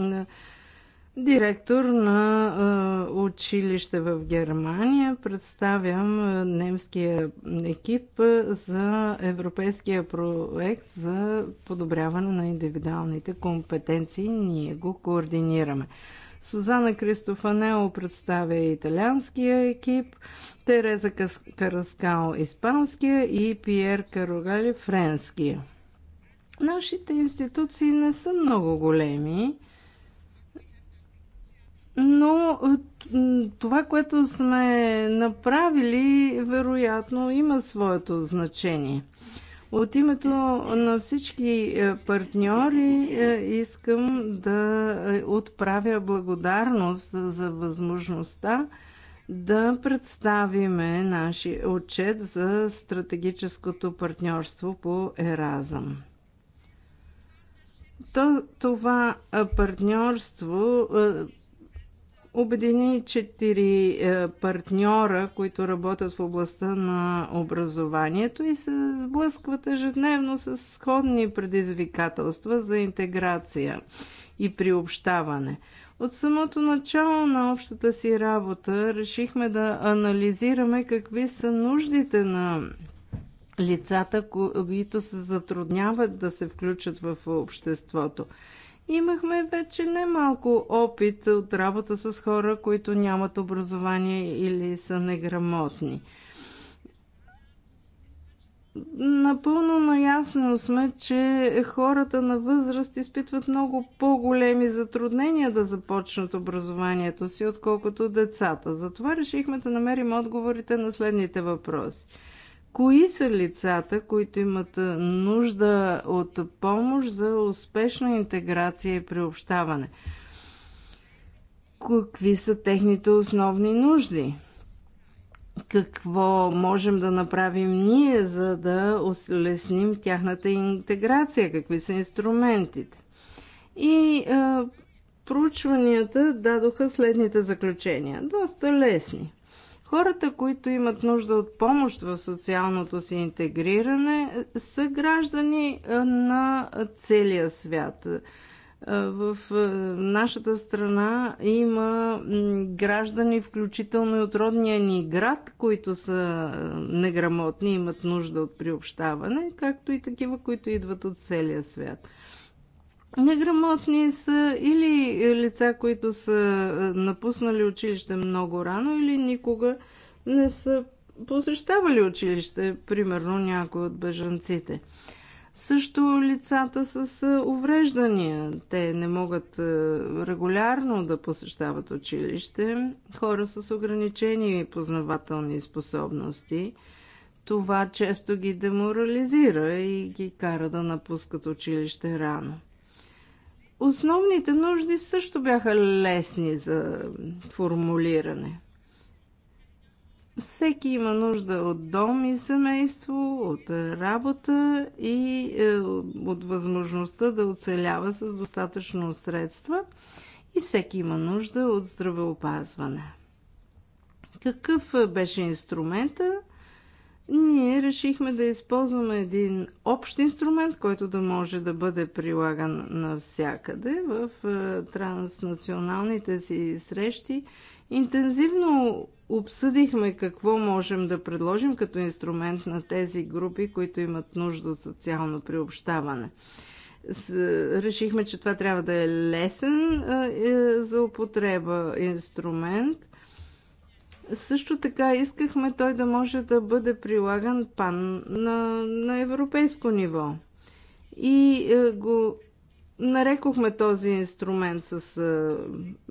S3: директор на училище в Германия. Представям немския екип за европейския проект за подобряване на индивидуалните компетенции. Ние го координираме. Сузана Кристофанео представя италианския екип, Тереза Караскал испанския и Пьер Карогали френския. Нашите институции не са много големи но е, това, което сме направили, вероятно има своето значение. От името на всички е, партньори е, искам да отправя благодарност за възможността да представиме нашия отчет за стратегическото партньорство по Еразъм. това партньорство обедини четири е, партньора, които работят в областта на образованието и се сблъскват ежедневно с сходни предизвикателства за интеграция и приобщаване. От самото начало на общата си работа решихме да анализираме какви са нуждите на лицата, които се затрудняват да се включат в обществото. Имахме вече немалко опит от работа с хора, които нямат образование или са неграмотни. Напълно наясно сме, че хората на възраст изпитват много по-големи затруднения да започнат образованието си, отколкото децата. Затова решихме да намерим отговорите на следните въпроси – Кои са лицата, които имат нужда от помощ за успешна интеграция и приобщаване? Какви са техните основни нужди? Какво можем да направим ние, за да улесним тяхната интеграция? Какви са инструментите? И проучванията дадоха следните заключения. Доста лесни. Хората, които имат нужда от помощ в социалното си интегриране, са граждани на целия свят. В нашата страна има граждани, включително и от родния ни град, които са неграмотни, имат нужда от приобщаване, както и такива, които идват от целия свят. Неграмотни са или лица, които са е, напуснали училище много рано, или никога не са посещавали училище, примерно някои от бежанците. Също лицата с е, увреждания. Те не могат е, регулярно да посещават училище. Хора с ограничени познавателни способности. Това често ги деморализира и ги кара да напускат училище рано. Основните нужди също бяха лесни за формулиране. Всеки има нужда от дом и семейство, от работа и е, от възможността да оцелява с достатъчно средства и всеки има нужда от здравеопазване. Какъв беше инструмента? ние решихме да използваме един общ инструмент, който да може да бъде прилаган навсякъде. В е, транснационалните си срещи интензивно обсъдихме какво можем да предложим като инструмент на тези групи, които имат нужда от социално приобщаване. Е, решихме, че това трябва да е лесен е, за употреба инструмент – също така искахме той да може да бъде прилаган пан на, на европейско ниво. И е, го нарекохме този инструмент с е,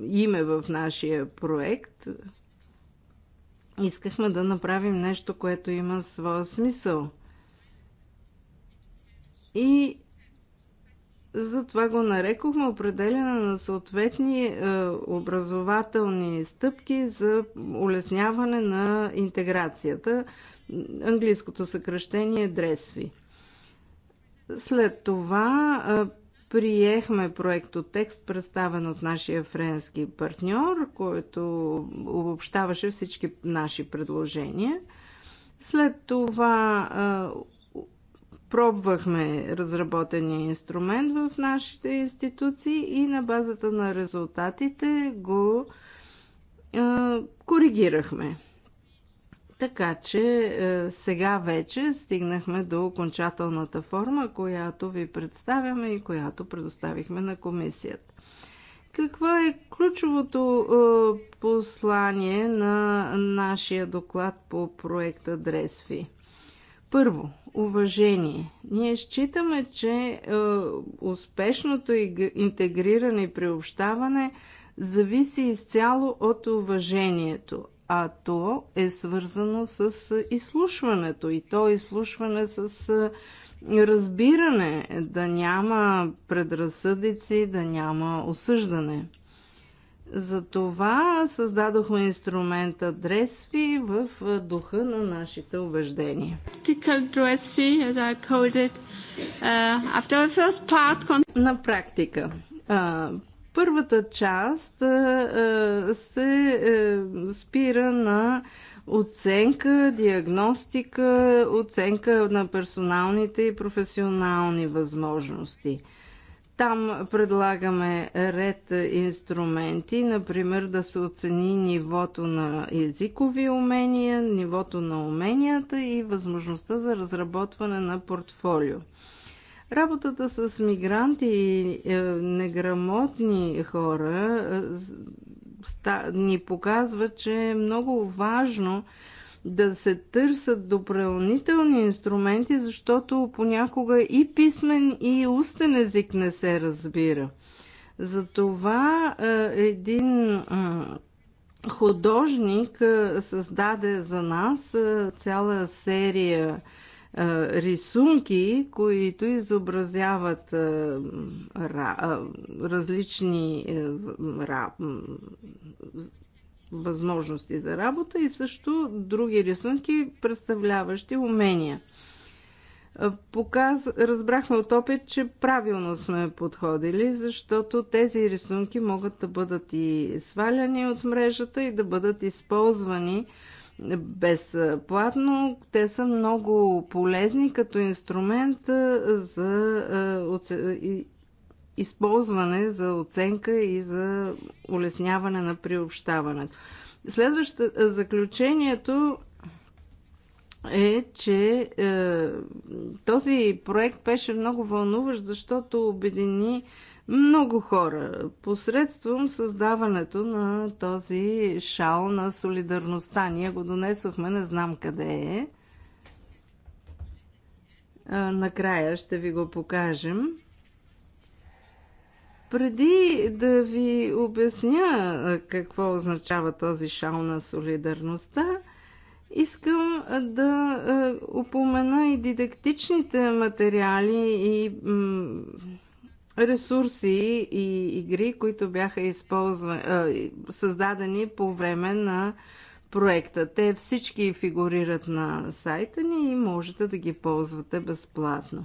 S3: име в нашия проект. Искахме да направим нещо, което има своя смисъл. И затова го нарекохме определена на съответни е, образователни стъпки за улесняване на интеграцията. Английското съкръщение е ДРЕСВИ. След това е, приехме проектотекст, представен от нашия френски партньор, който обобщаваше всички наши предложения. След това е, пробвахме разработения инструмент в нашите институции и на базата на резултатите го е, коригирахме. Така че е, сега вече стигнахме до окончателната форма, която ви представяме и която предоставихме на комисията. Какво е ключовото е, послание на нашия доклад по проекта Дресфи? Първо, уважение. Ние считаме, че е, успешното интегриране и приобщаване зависи изцяло от уважението, а то е свързано с е, изслушването и то изслушване с е, разбиране, да няма предразсъдици, да няма осъждане. Затова създадохме инструмента Дресфи в духа на нашите убеждения. На практика, първата част се е, спира на оценка, диагностика, оценка на персоналните и професионални възможности – там предлагаме ред инструменти, например да се оцени нивото на езикови умения, нивото на уменията и възможността за разработване на портфолио. Работата с мигранти и е, неграмотни хора е, ни показва, че е много важно да се търсят допълнителни инструменти, защото понякога и писмен, и устен език не се разбира. Затова е, един е, художник е, създаде за нас цяла серия рисунки, които изобразяват различни възможности за работа и също други рисунки, представляващи умения. Показ... Разбрахме от опит, че правилно сме подходили, защото тези рисунки могат да бъдат и сваляни от мрежата и да бъдат използвани безплатно. Те са много полезни като инструмент за използване за оценка и за улесняване на приобщаването. Следващото е, заключението е, че е, този проект беше много вълнуващ, защото обедини много хора посредством създаването на този шал на солидарността. Ние го донесохме, не знам къде е. е накрая ще ви го покажем. Преди да ви обясня какво означава този шал на солидарността, искам да упомена и дидактичните материали и ресурси и игри, които бяха използвани, създадени по време на проекта. Те всички фигурират на сайта ни и можете да ги ползвате безплатно.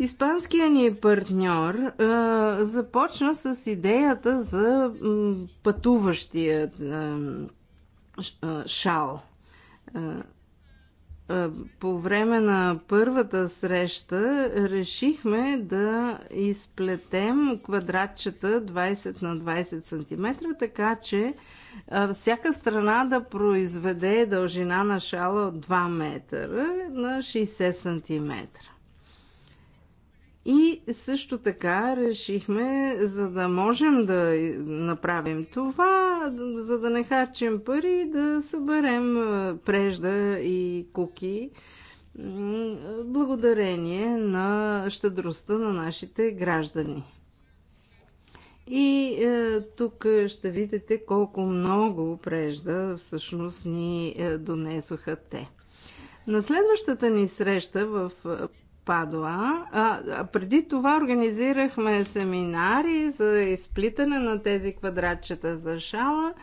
S3: Испанският ни партньор а, започна с идеята за м, пътуващия а, шал. А, а, по време на първата среща решихме да изплетем квадратчета 20 на 20 см, така че а, всяка страна да произведе дължина на шала от 2 метра на 60 см. И също така решихме, за да можем да направим това, за да не харчим пари, да съберем прежда и куки, благодарение на щедростта на нашите граждани. И е, тук ще видите колко много прежда всъщност ни е, донесоха те. На следващата ни среща в Падуа. А, преди това организирахме семинари за изплитане на тези квадратчета за шала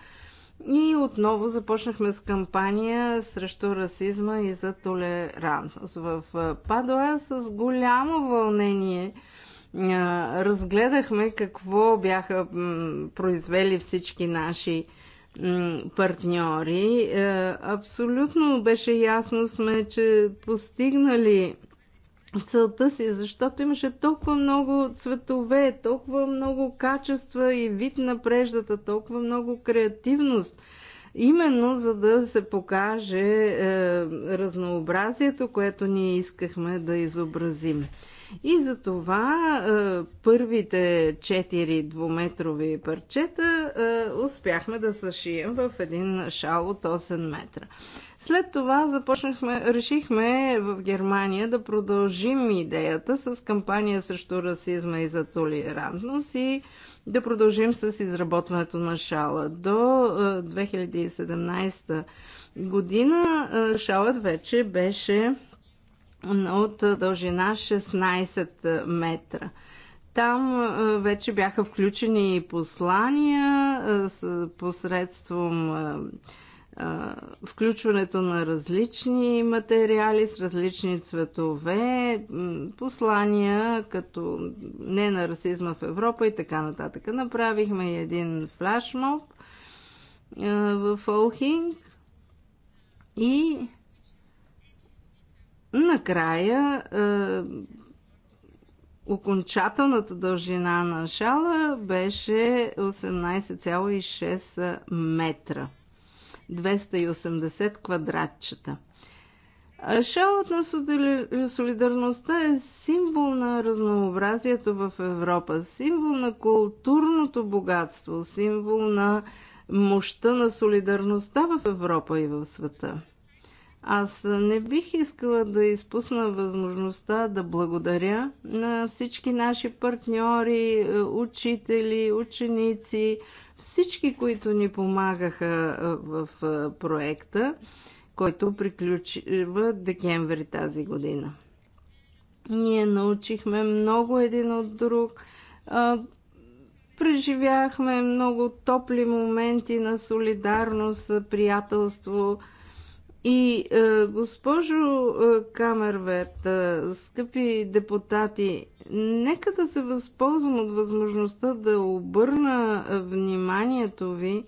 S3: и отново започнахме с кампания срещу расизма и за толерантност. В Падуа с голямо вълнение разгледахме какво бяха произвели всички наши партньори. Е, абсолютно беше ясно сме, че постигнали целта си, защото имаше толкова много цветове, толкова много качества и вид на преждата, толкова много креативност. Именно за да се покаже е, разнообразието, което ние искахме да изобразим. И за това е, първите четири двуметрови парчета е, успяхме да съшием в един шал от 8 метра. След това започнахме, решихме в Германия да продължим идеята с кампания срещу расизма и за толерантност и да продължим с изработването на шала. До 2017 е, година шалът вече беше от дължина 16 метра. Там вече бяха включени и послания посредством включването на различни материали с различни цветове, послания като не на расизма в Европа и така нататък. Направихме и един флашмоб в Олхинг и Накрая е, окончателната дължина на шала беше 18,6 метра. 280 квадратчета. Шалът на солидарността е символ на разнообразието в Европа, символ на културното богатство, символ на мощта на солидарността в Европа и в света. Аз не бих искала да изпусна възможността да благодаря на всички наши партньори, е, учители, ученици, всички, които ни помагаха е, в е, проекта, който приключи в декември тази година. Ние научихме много един от друг, преживяхме много топли моменти на солидарност, приятелство – и е, госпожо е, Камерверт, е, скъпи депутати, нека да се възползвам от възможността да обърна вниманието ви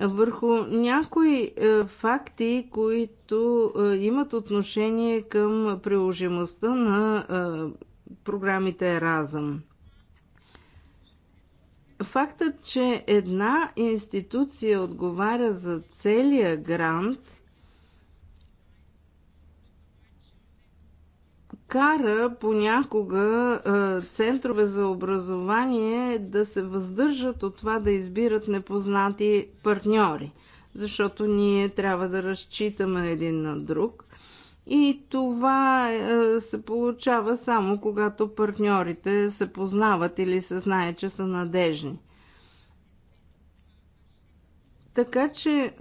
S3: върху някои факти, които имат отношение към приложимостта на програмите Разъм. Фактът, че една институция отговаря за целия грант – кара понякога центрове за образование да се въздържат от това да избират непознати партньори, защото ние трябва да разчитаме един на друг. И това е, се получава само когато партньорите се познават или се знае, че са надежни. Така че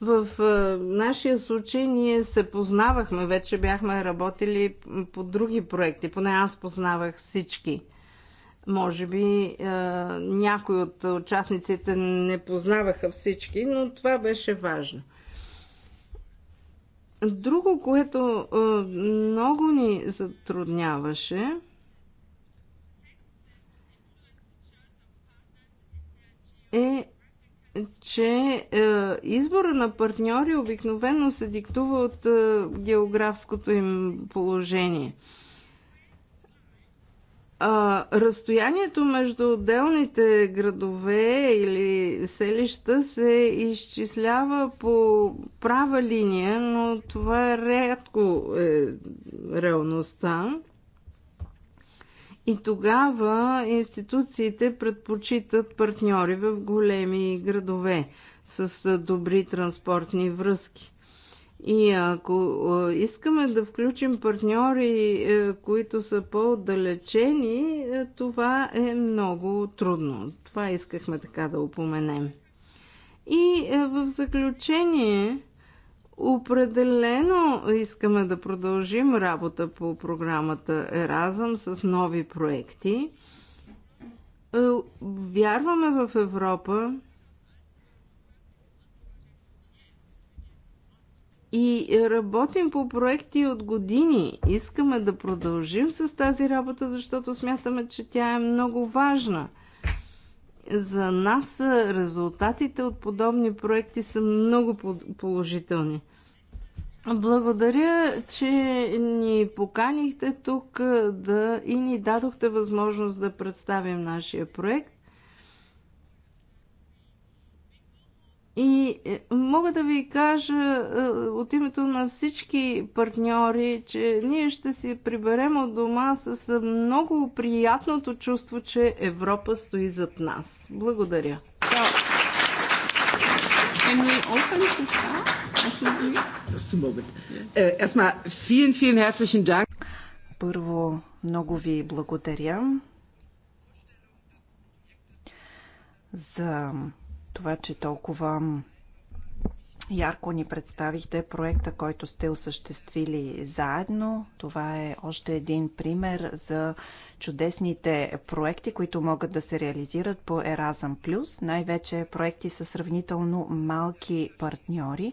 S3: в нашия случай ние се познавахме, вече бяхме работили по други проекти, поне аз познавах всички. Може би някои от участниците не познаваха всички, но това беше важно. Друго, което много ни затрудняваше, е че е, избора на партньори обикновено се диктува от е, географското им положение. А, разстоянието между отделните градове или селища се изчислява по права линия, но това е рядко е реалността. И тогава институциите предпочитат партньори в големи градове с добри транспортни връзки. И ако искаме да включим партньори, е, които са по-отдалечени, е, това е много трудно. Това искахме така да упоменем. И е, в заключение, Определено искаме да продължим работа по програмата Еразъм с нови проекти. Е, вярваме в Европа и работим по проекти от години. Искаме да продължим с тази работа, защото смятаме, че тя е много важна – за нас резултатите от подобни проекти са много положителни. Благодаря, че ни поканихте тук да, и ни дадохте възможност да представим нашия проект. И е, мога да ви кажа е, от името на всички партньори, че ние ще си приберем от дома с е, много приятното чувство, че Европа стои зад нас. Благодаря. Uh,
S1: Първо, много ви благодаря за това, че толкова ярко ни представихте проекта, който сте осъществили заедно. Това е още един пример за чудесните проекти, които могат да се реализират по Erasm+. Най-вече проекти са сравнително малки партньори.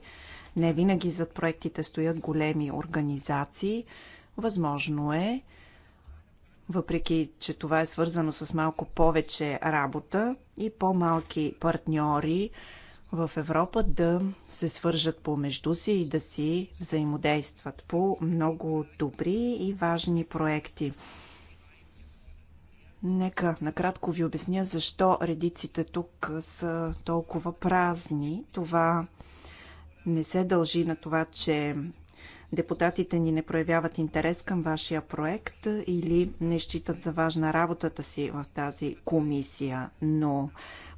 S1: Не винаги зад проектите стоят големи организации. Възможно е въпреки че това е свързано с малко повече работа и по-малки партньори в Европа да се свържат помежду си и да си взаимодействат по много добри и важни проекти. Нека накратко ви обясня защо редиците тук са толкова празни. Това не се дължи на това, че депутатите ни не проявяват интерес към вашия проект или не считат за важна работата си в тази комисия, но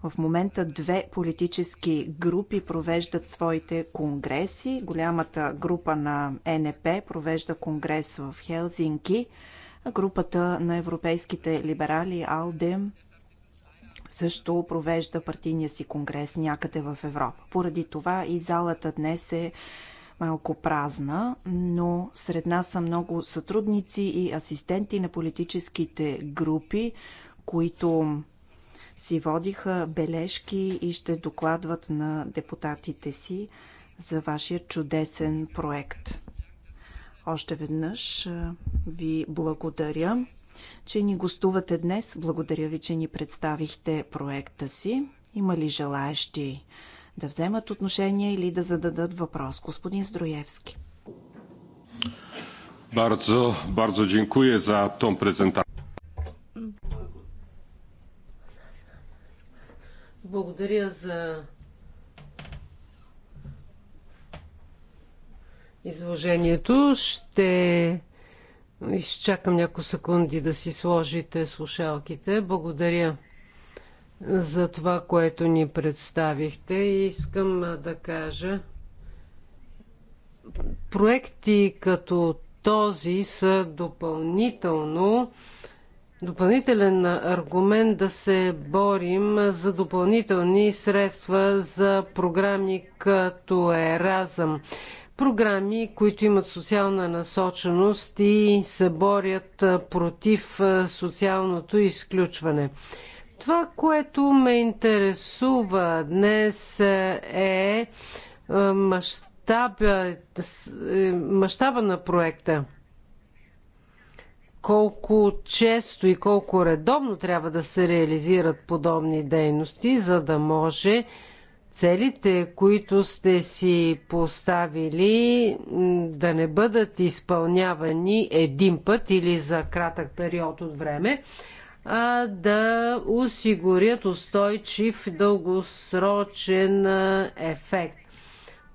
S1: в момента две политически групи провеждат своите конгреси. Голямата група на НП провежда конгрес в Хелзинки, а групата на европейските либерали АЛДЕ също провежда партийния си конгрес някъде в Европа. Поради това и залата днес е малко празна, но сред нас са много сътрудници и асистенти на политическите групи, които си водиха бележки и ще докладват на депутатите си за вашия чудесен проект. Още веднъж ви благодаря, че ни гостувате днес. Благодаря ви, че ни представихте проекта си. Има ли желаещи да вземат отношение или да зададат въпрос. Господин Строевски.
S2: Bardzo, bardzo dziękuję za tą prezentację. Благодаря за изложението. Ще изчакам няколко секунди да си сложите слушалките. Благодаря за това, което ни представихте. И искам да кажа, проекти като този са допълнително допълнителен аргумент да се борим за допълнителни средства за програми като Еразъм. Програми, които имат социална насоченост и се борят против социалното изключване. Това, което ме интересува днес е, е мащаба, е, мащаба на проекта. Колко често и колко редовно трябва да се реализират подобни дейности, за да може целите, които сте си поставили, да не бъдат изпълнявани един път или за кратък период от време, а да осигурят устойчив дългосрочен ефект.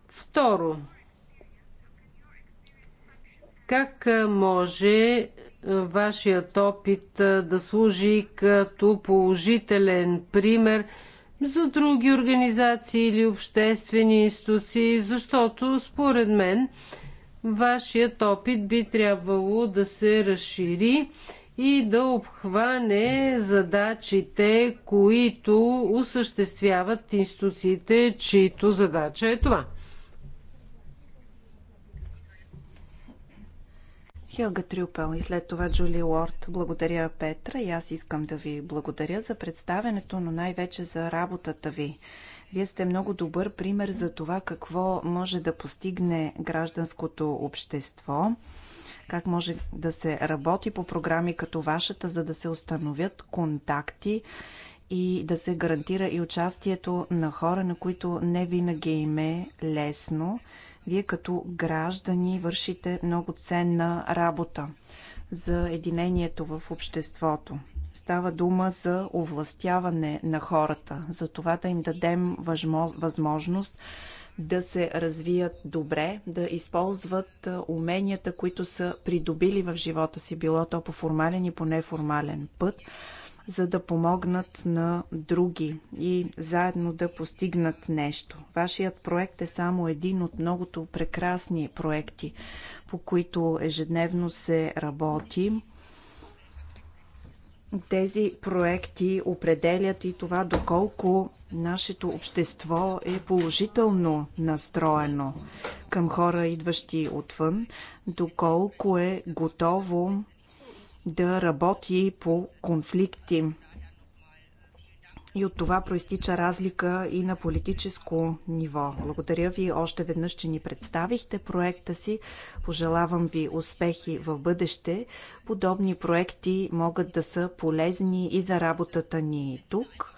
S2: Второ, как може вашият опит да служи като положителен пример за други организации или обществени институции, защото според мен вашият опит би трябвало да се разшири и да обхване задачите, които осъществяват институциите, чието задача е това. Хилга Трюпел и след това Джули Уорд. Благодаря,
S1: Петра, и аз искам да ви благодаря за представенето, но най-вече за работата ви. Вие сте много добър пример за това какво може да постигне гражданското общество – как може да се работи по програми като вашата, за да се установят контакти и да се гарантира и участието на хора, на които не винаги им е лесно. Вие като граждани вършите много ценна работа за единението в обществото. Става дума за овластяване на хората, за това да им дадем възможност да се развият добре, да използват уменията, които са придобили в живота си, било то по формален и по неформален път, за да помогнат на други и заедно да постигнат нещо. Вашият проект е само един от многото прекрасни проекти, по които ежедневно се работи тези проекти определят и това доколко нашето общество е положително настроено към хора, идващи отвън, доколко е готово да работи по конфликти и от това проистича разлика и на политическо ниво. Благодаря ви още веднъж, че ни представихте проекта си. Пожелавам ви успехи в бъдеще. Подобни проекти могат да са полезни и за работата ни тук.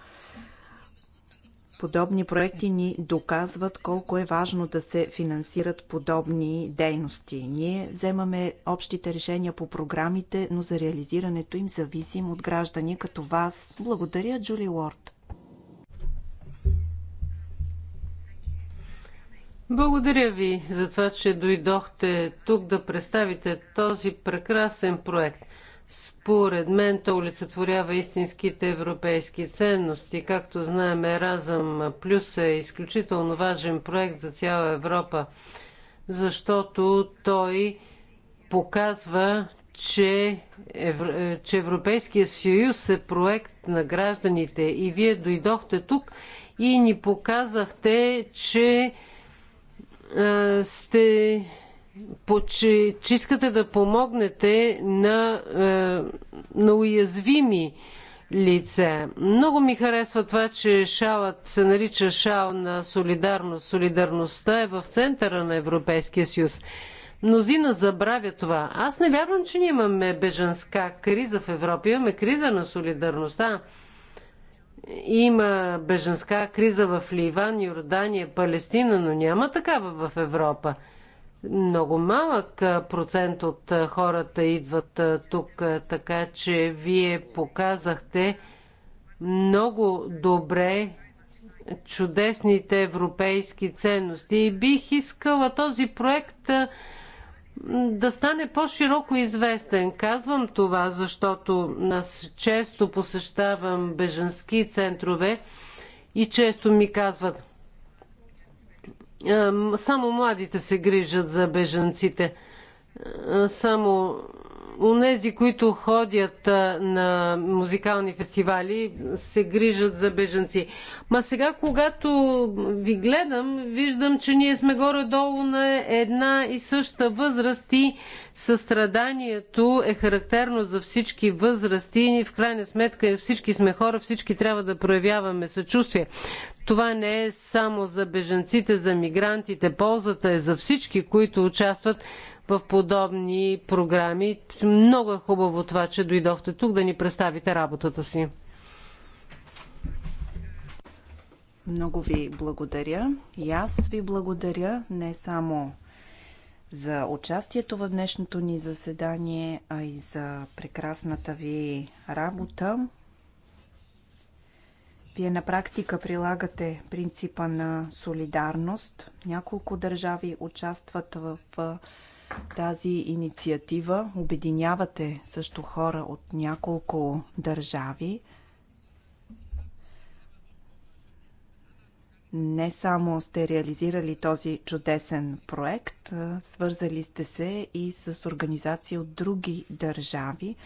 S1: Подобни проекти ни доказват колко е важно да се финансират подобни дейности. Ние вземаме общите решения по програмите, но за реализирането им зависим от граждани като вас. Благодаря, Джули Уорд.
S2: Благодаря ви за това, че дойдохте тук да представите този прекрасен проект. Според мен то олицетворява истинските европейски ценности. Както знаем, Еразъм Плюс е изключително важен проект за цяла Европа, защото той показва, че, Евро... че Европейския съюз е проект на гражданите. И вие дойдохте тук и ни показахте, че сте че, че искате да помогнете на, е, на уязвими лице. Много ми харесва това, че шалът се нарича шал на солидарност. Солидарността е в центъра на Европейския съюз. Мнозина забравя това. Аз не вярвам, че ние имаме беженска криза в Европа. Имаме криза на солидарността. Има беженска криза в Ливан, Йордания, Палестина, но няма такава в Европа. Много малък процент от хората идват тук, така че вие показахте много добре чудесните европейски ценности и бих искала този проект да стане по-широко известен. Казвам това, защото аз често посещавам беженски центрове и често ми казват – само младите се грижат за бежанците. Само Онези, които ходят на музикални фестивали, се грижат за бежанци. Ма сега, когато ви гледам, виждам, че ние сме горе-долу на една и съща възраст и състраданието е характерно за всички възрасти. В крайна сметка всички сме хора, всички трябва да проявяваме съчувствие. Това не е само за бежанците, за мигрантите. Ползата е за всички, които участват в подобни програми. Много е хубаво това, че дойдохте тук да ни представите работата си.
S1: Много ви благодаря.
S2: И аз ви благодаря не само
S1: за участието в днешното ни заседание, а и за прекрасната ви работа. Вие на практика прилагате принципа на солидарност. Няколко държави участват в тази инициатива. Обединявате също хора от няколко държави. Не само сте реализирали този чудесен проект, свързали сте се и с организации от други държави.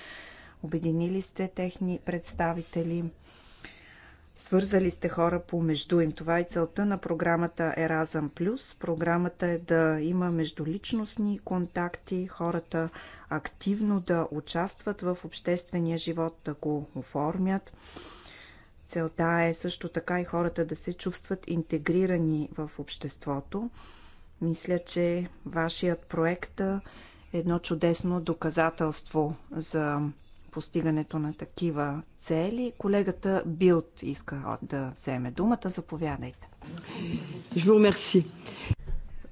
S1: Обединили сте техни представители Свързали сте хора помежду им. Това е целта на програмата Еразъм Плюс. Програмата е да има междуличностни контакти, хората активно да участват в обществения живот, да го оформят. Целта е също така и хората да се чувстват интегрирани в обществото. Мисля, че вашият проект е едно чудесно доказателство за постигането на такива цели. Колегата Билт иска да вземе думата. Заповядайте.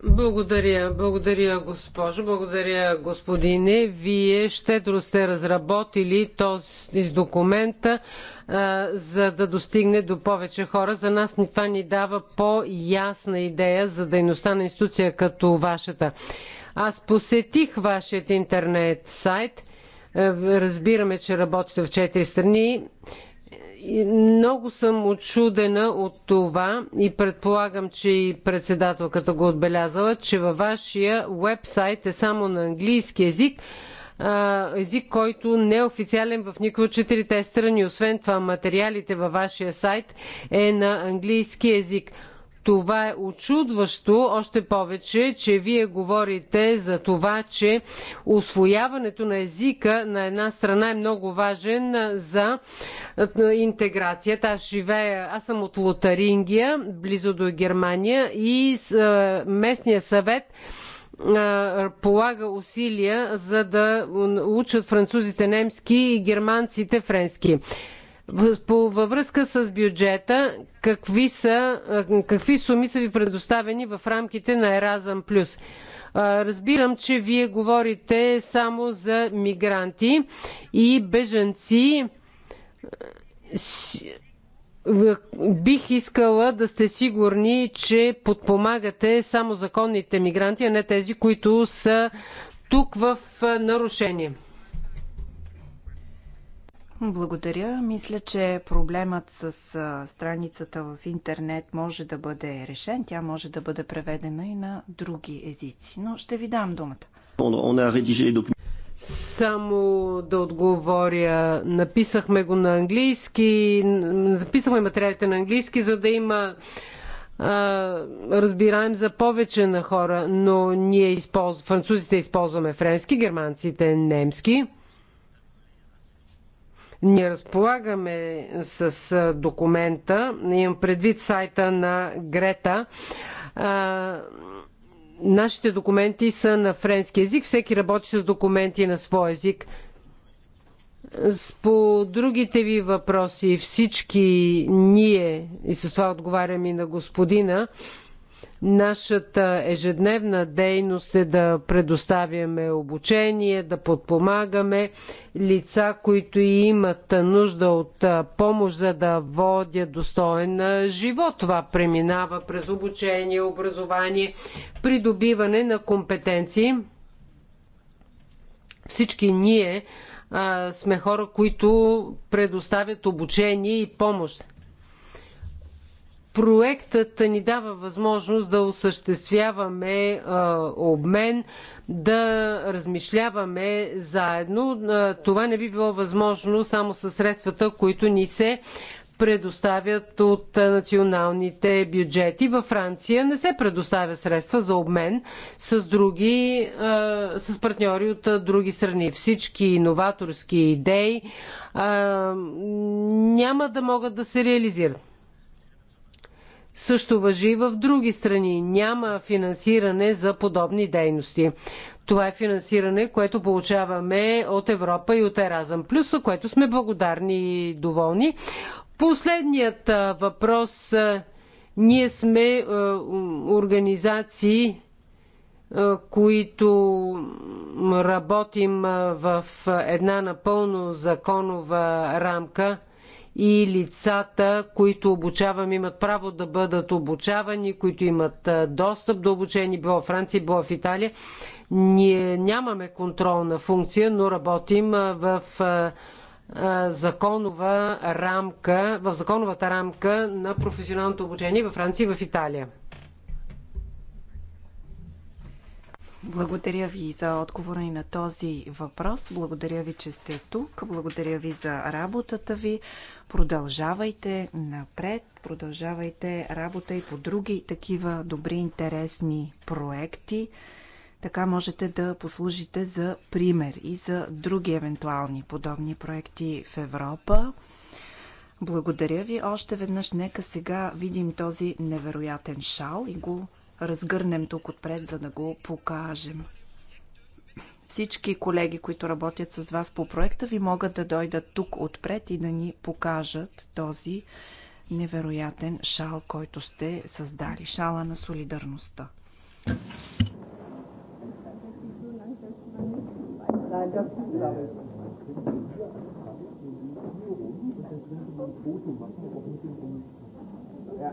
S2: Благодаря, благодаря госпожо, благодаря господине. Вие щедро сте разработили този документ, а, за да достигне до повече хора. За нас това ни дава по-ясна идея за дейността на институция като вашата. Аз посетих вашият интернет сайт – Разбираме, че работите в четири страни. Много съм очудена от това и предполагам, че и председателката го отбелязала, че във вашия вебсайт е само на английски язик, език, който не е официален в никой от четирите страни. Освен това, материалите във вашия сайт е на английски език. Това е очудващо, още повече, че вие говорите за това, че освояването на езика на една страна е много важен за интеграцията. Аз живея, аз съм от Лотарингия, близо до Германия и местния съвет полага усилия за да учат французите немски и германците френски. По, във връзка с бюджета, какви, са, какви суми са ви предоставени в рамките на Еразъм Плюс? Разбирам, че вие говорите само за мигранти и бежанци. Бих искала да сте сигурни, че подпомагате само законните мигранти, а не тези, които са тук в нарушение.
S1: Благодаря. Мисля, че проблемът с страницата в интернет може да бъде решен. Тя може да бъде преведена и на други езици. Но ще ви дам
S2: думата. Е Само да отговоря. Написахме го на английски. Написахме материалите на английски, за да има разбираем за повече на хора, но ние използваме французите използваме френски, германците немски. Ние разполагаме с документа, имам предвид сайта на Грета. нашите документи са на френски язик, всеки работи с документи на свой език. По другите ви въпроси всички ние, и с това отговарям и на господина, Нашата ежедневна дейност е да предоставяме обучение, да подпомагаме лица, които имат нужда от помощ, за да водят достоен живот. Това преминава през обучение, образование, придобиване на компетенции. Всички ние а, сме хора, които предоставят обучение и помощ. Проектът ни дава възможност да осъществяваме обмен, да размишляваме заедно. Това не би било възможно само със средствата, които ни се предоставят от националните бюджети. Във Франция не се предоставя средства за обмен с, други, с партньори от други страни. Всички иноваторски идеи няма да могат да се реализират също въжи и в други страни. Няма финансиране за подобни дейности. Това е финансиране, което получаваме от Европа и от Еразъм Плюс, за което сме благодарни и доволни. Последният въпрос. Ние сме организации, които работим в една напълно законова рамка – и лицата, които обучавам, имат право да бъдат обучавани, които имат достъп до обучение, било в Франция, било в Италия. Ние нямаме контролна функция, но работим в законова рамка, в законовата рамка на професионалното обучение във Франция и в Италия. Благодаря
S1: ви за отговора и на този въпрос. Благодаря ви, че сте тук. Благодаря ви за работата ви. Продължавайте напред, продължавайте работа и по други такива добри, интересни проекти. Така можете да послужите за пример и за други евентуални подобни проекти в Европа. Благодаря ви още веднъж. Нека сега видим този невероятен шал и го разгърнем тук отпред, за да го покажем. Всички колеги, които работят с вас по проекта ви, могат да дойдат тук отпред и да ни покажат този невероятен шал, който сте създали. Шала на солидарността.
S3: Ja.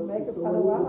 S3: Jamaica, Palawan.